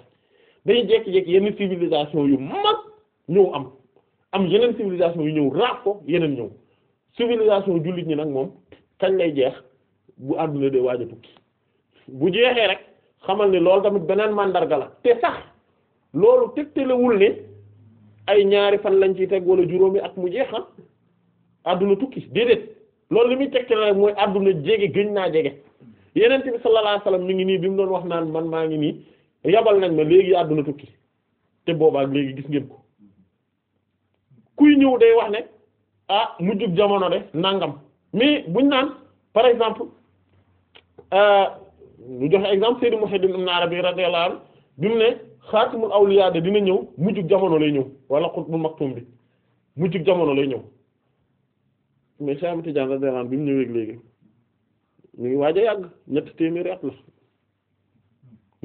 dañu jékki-jékki yenn civilisation yu mag ñëw am am yeneen civilisation yu ñëw raaf ko yeneen ñëw civilisation jullit ñi nag moom kañ lay jeex bu àdduna dee waaj tukki bu jeexee rek xamal ni loolu tamit beneen màndarga la te sax loolu tegtalewul ne ay ñaari fan lañ ciy teg wala juróomi at mu jeexal ah. àdduna tukki déedéet loolu li muy tegtale rek mooy àdduna jege gëñ naa jege yeneen bi sallallahu alayhi wasallam mi ngi nii bi mu doon wax naan man maa ngi nii yabal nañ ma léegi àdduna tukki te boobaak léegi gis ngeen ko kuy ñëw day wax ne ah mujjub jamono de nangam mais buñ naan par exemple euh, ñu joxe exemple Sayyid Muhammad ibn Arabi radiyallahu anhu bi mu ne xaatimul awliya de dina ñëw mujjub jamono lay ñëw wala xutbul maktum bi mujjub jamono lay ñëw mais Cheikh Ahmad Tidiane radiyallahu anhu bi mu ñëwee léegi ñuy waaj a yàgg ñetti téeméeri at la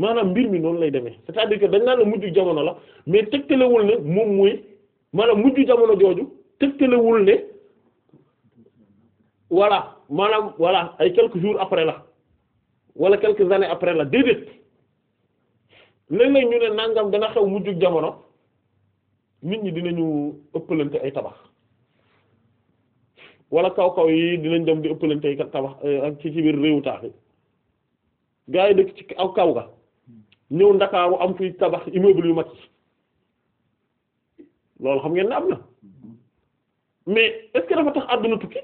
maanaam mbir mi noonu lay demee c'est-à-dire que dañ naan la mujj jamono la mais tëkkalewul ne moom mooy maanaam mujj jamono jooju tëkkalewul ne voilà maanaam voilà ay quelques jours après la wala quelques années après la déedéet léeg-léeg ñu ne nangam dana xew mujj jamono nit ñi dinañu ëppalante ay tabax wala kaw kaw yi dinañ dem di ëppalante ak tabax eh, ak ci ci biir réewu taax yi gars yi dëkk ci aw kaw ga ñëw ndakaaru am fiy tabax immeuble yu mag loolu xam ngeen ne am na mais est dafa tax àdduna tukki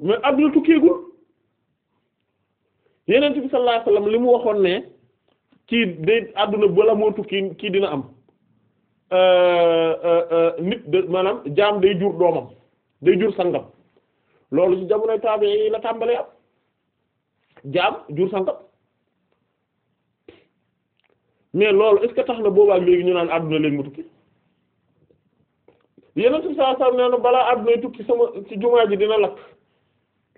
mais àdduna tukkeegul yeneen bi sallallahu li mu waxoon ne kii day àdduna bala moo tukki kii dina am Euh, euh, euh, nit de maanaam jaam day jur doomam day jur sangam loolu ci jamonoy tabi'i yi la tàmbalee am jaam jur sangam mais loolu est-ce que tax na boobaa léegi ñu naan àdduna léegi mu tukki yeneen ci saa saa nee na balaa àdduna tukki sama ci jumaa ji dina lakk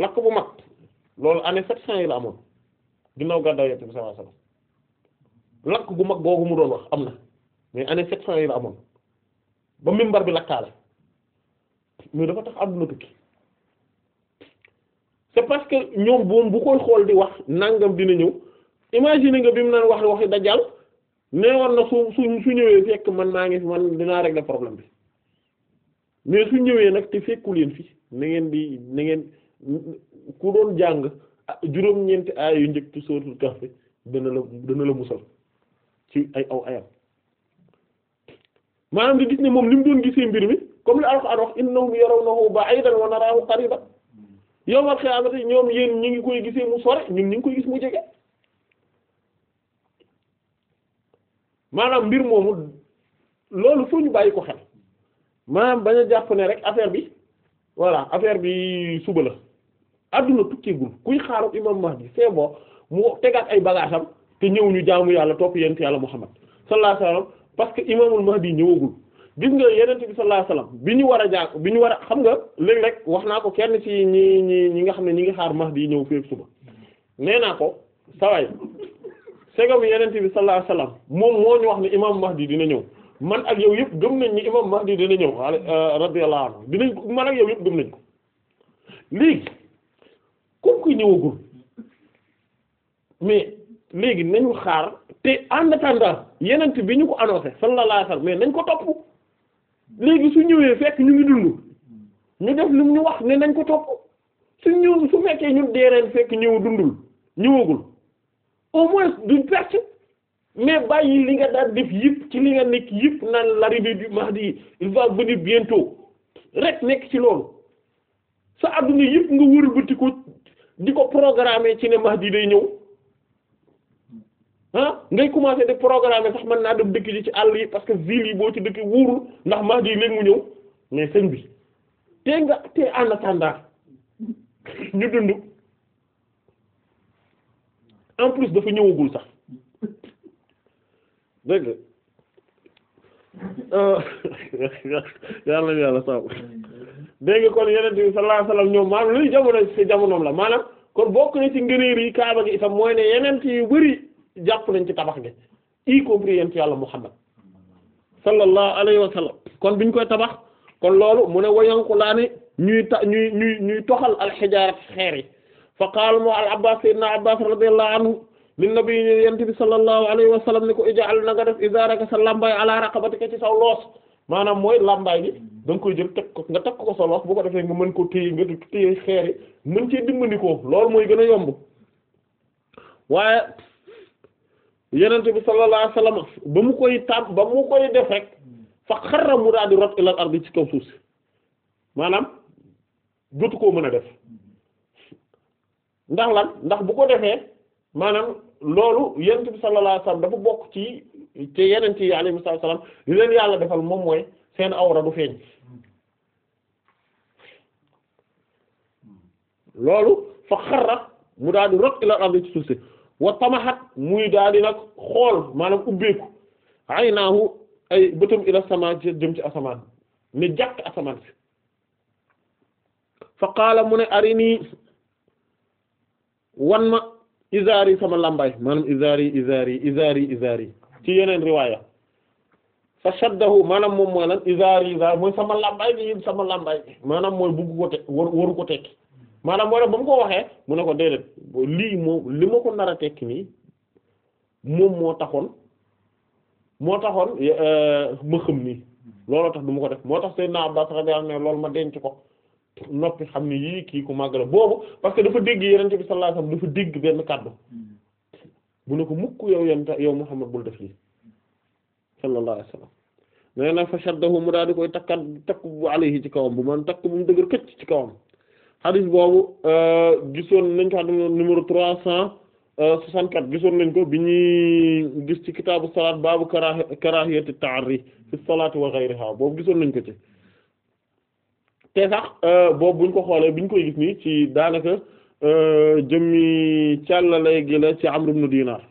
lakk bu mag loolu année sept cent yi la amoon ginnaaw gàddaay Yonent bi sallallahu alayhi lakk bu mag googu mu doon wax am na. mais année 700 yi la amoon ba minbar bi lakkaale mais dafa tax àdduna tukki c'est parce que ñoom boom bu koy xool di wax nangam dina ñëw imagine nga bi mu naan wax waxi dajal nee war na su su su ñëwee fekk man maa ngi fi man dinaa régler problème bi mais su ñëwee nag te fekku leen fii na ngeen di na ngeen ku doon jàng ah juróom-ñeenti aay yu njëkk ci sóotul Kahf dana la dana la musal ci ay aw ayam maanaam di gis ne moom li mu doon gisee mbir mi comme li alxuraan wax innahum yarawnahu ba'idan wa naraahu qariban yawmal qiyaamati ñoom yéen ñu ngi koy gisee mu sore ñun ñi ngi koy gis mu jege maanaam mbir moomu loolu foo ñu bàyyi ko xel maanaam bañ a jàpp ne rek affaire bi voilà affaire bi suba la adduna tukkeegul kuy xaaru imam Mahdi c'est bon mu tegaat ay bagaasam te ñëw ñu jaamu yàlla topp yent yàlla Muhammad sallallahu alayhi wasallam parce que imaamul mahdi ñëwagul gis nga yenente bi sallallahu alayhi bi ñu war a jàng bi ñu war a xam nga léegi rek wax naa ko kenn ci ñi ñi ñi nga xam ne ñi ngi xaar mahdi ñëw féeg suba nee naa ko saway segam yenente bi sallallahu alayhi wasallam moom moo ñu wax ne imaam mahdi dina ñëw man ak yow yëpp gëm nañ ni imaam mahdi dina ñëw euh, radiyallahu anhu dinañ ko man ak yow yëpp gëm nañ ko léegi comme que ñëwagul mais léegi nañu xaar te en attendant yenent bi ñu ko annoncé sallallahu alayhi wasallam mais nañ ko topp léegi su ñëwee fekk ñu ngi dund ñu def lu ñu wax ne nañ ko topp su ñëw su ñu ñun deereen fekk ñëw dundul ñëwagul au moins duñ perte mais bàyyi li nga daan def yëpp ci li nga nekk yëpp naan l'arrivée di Mahdi il va venir bientôt rek nekk ci loolu sa adduna yëpp nga wëlbati ko di ko programmer ci ne Mahdi day ñëw ah ngay commencé de programme sax mën naa dem dëkk ci àll yi parce que ville yi boo ci dëkk wuurul ndax Mahdi léegi mu ñëw mais sëñ bi te nga te en attendant ñu dund en plus dafa ñëwagul sax dégg nga euh, (laughs) yàlla na yàlla saabu dégg nga kon yeneen bi sallallahu alayhi wasallam ñoom maanaam luy jamono ci jamonoom la maanaam kon bokk na ci ngëneer yi kaaba gi itam mooy ne yeneen yu bari jàpp nañ ci tabax gi y compris yent yàlla Muhammad sallallahu alayhi wa sallam kon biñ koy tabax kon loolu mu ne wayanqulaani ñuy ta ñuy ñuy ñuy toxal alxijaarat xeer yi fa qaala moo al abbas sayyidina abbas radiyallahu anhu li nabi ne yent bi sallallahu alayhi wa sallam ni ko ijaal na nga def izaraka sa lambaay ala raqabatika ci saw loos maanaam mooy lambaay gi da nga koy jël teg ko nga teg ko sa loos bu ko defee nga mën ko téye nga téye xeer yi mën cee dimbandikoo loolu mooy gën a yomb yenente bi sallallahu alayhi wasallam ba mu koy tàmm ba mu koy def rek fa xarra mu daal di rot ilal ardi ci kaw suuf maanaam jotu koo mën a def ndax ndax bu ko defee maanaam loolu yenent bi sallallahu alayhi bokk ci te yenent yi alayhi wasallam li leen yàlla moom mooy seen awra du feeñ loolu fa mu daal di suuf si wa tamahat muy daal di nag xool maanaam ubbeeku ay naahu ay bëtam ila samaan ci jëm ci asamaan ne jàkk fa qaala mu ne ari nii wan ma isaari sama làmbaay maanaam isaari isaari isaari isaari ci yeneen riwaaya fa shaddahu maanaam moom mooy lan isaari isaari mooy sama làmbaay bi sama làmbaay bi maanaam mooy bugg ko te ko tekki maanaam moo tax ba mu ko waxee mu ne ko déedéet lii moom li ma ko nar a tekki nii moom moo taxoon moo taxoon euh, ma xam nii looloo tax du ma ko def moo tax Seydina Abbas radiyallahu anhu loolu ma denc ko noppi xam ni yii kii ku màgg la boobu parce que dafa dégg yenente bi sallallahu alayhi wasallam dafa dégg benn kàddu bu ne ko mukk yow yenta yow Muhammad bul def lii sallallahu alayhi wasallam nee na fa shaddahu mu daal di koy takkat takk bu alayhi ci kawam bu man takk bu mu dëgër këcc ci kawam xadis boobu euh, gisoon nañ ko xadis numéro trois cent soixante-quatre gisoon nañ ko bi ñuy gis ci kitaabu salaat baabu kara karahiyati ta'arri fi salaati wa ghayriha boobu gisoon nañ ko ci te sax euh, boobu buñ ko xoolee biñ koy gis nii ci daanaka euh, jëmmi càllalay gi la ci Amr ibn Dinar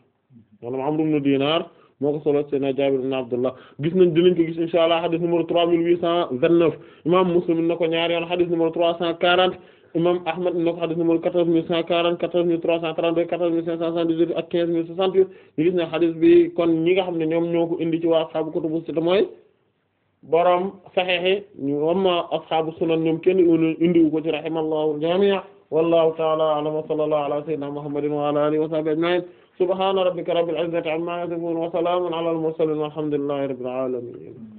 maanaam Amr ibn Dinar moo ko solo seena Jaabir ibn Abdullah gis nañ dinañ ko gis inshallah hadith numéro trois mille huit cent vingt-neuf imam Muslim na ko ñaari yoon hadith trois cent quarante imam Ahmad ina ko xadis numéro quatorze mille cent quarante quatorze mille trois cent trente-deux quatorze mille cinq cent soixante huit ak quinze mille soixante-huit ñu gis ne xadis bi kon ñi nga xam ne ñoom ñoo ko indi ci waa ashaabu kutubu sitta mooy borom saxeexi ñu amma ashaabu sunan ñoom kenn indiwu ko ci rahimallahu jami'a ta'ala a'lam wa sallallahu ala sayyidina muhammadin wa ala alihi wa sahbihi ajma'in subhana rabbika rabbil izzati amma yasifun wa salamun ala al mursalin walhamdulillahi rabbil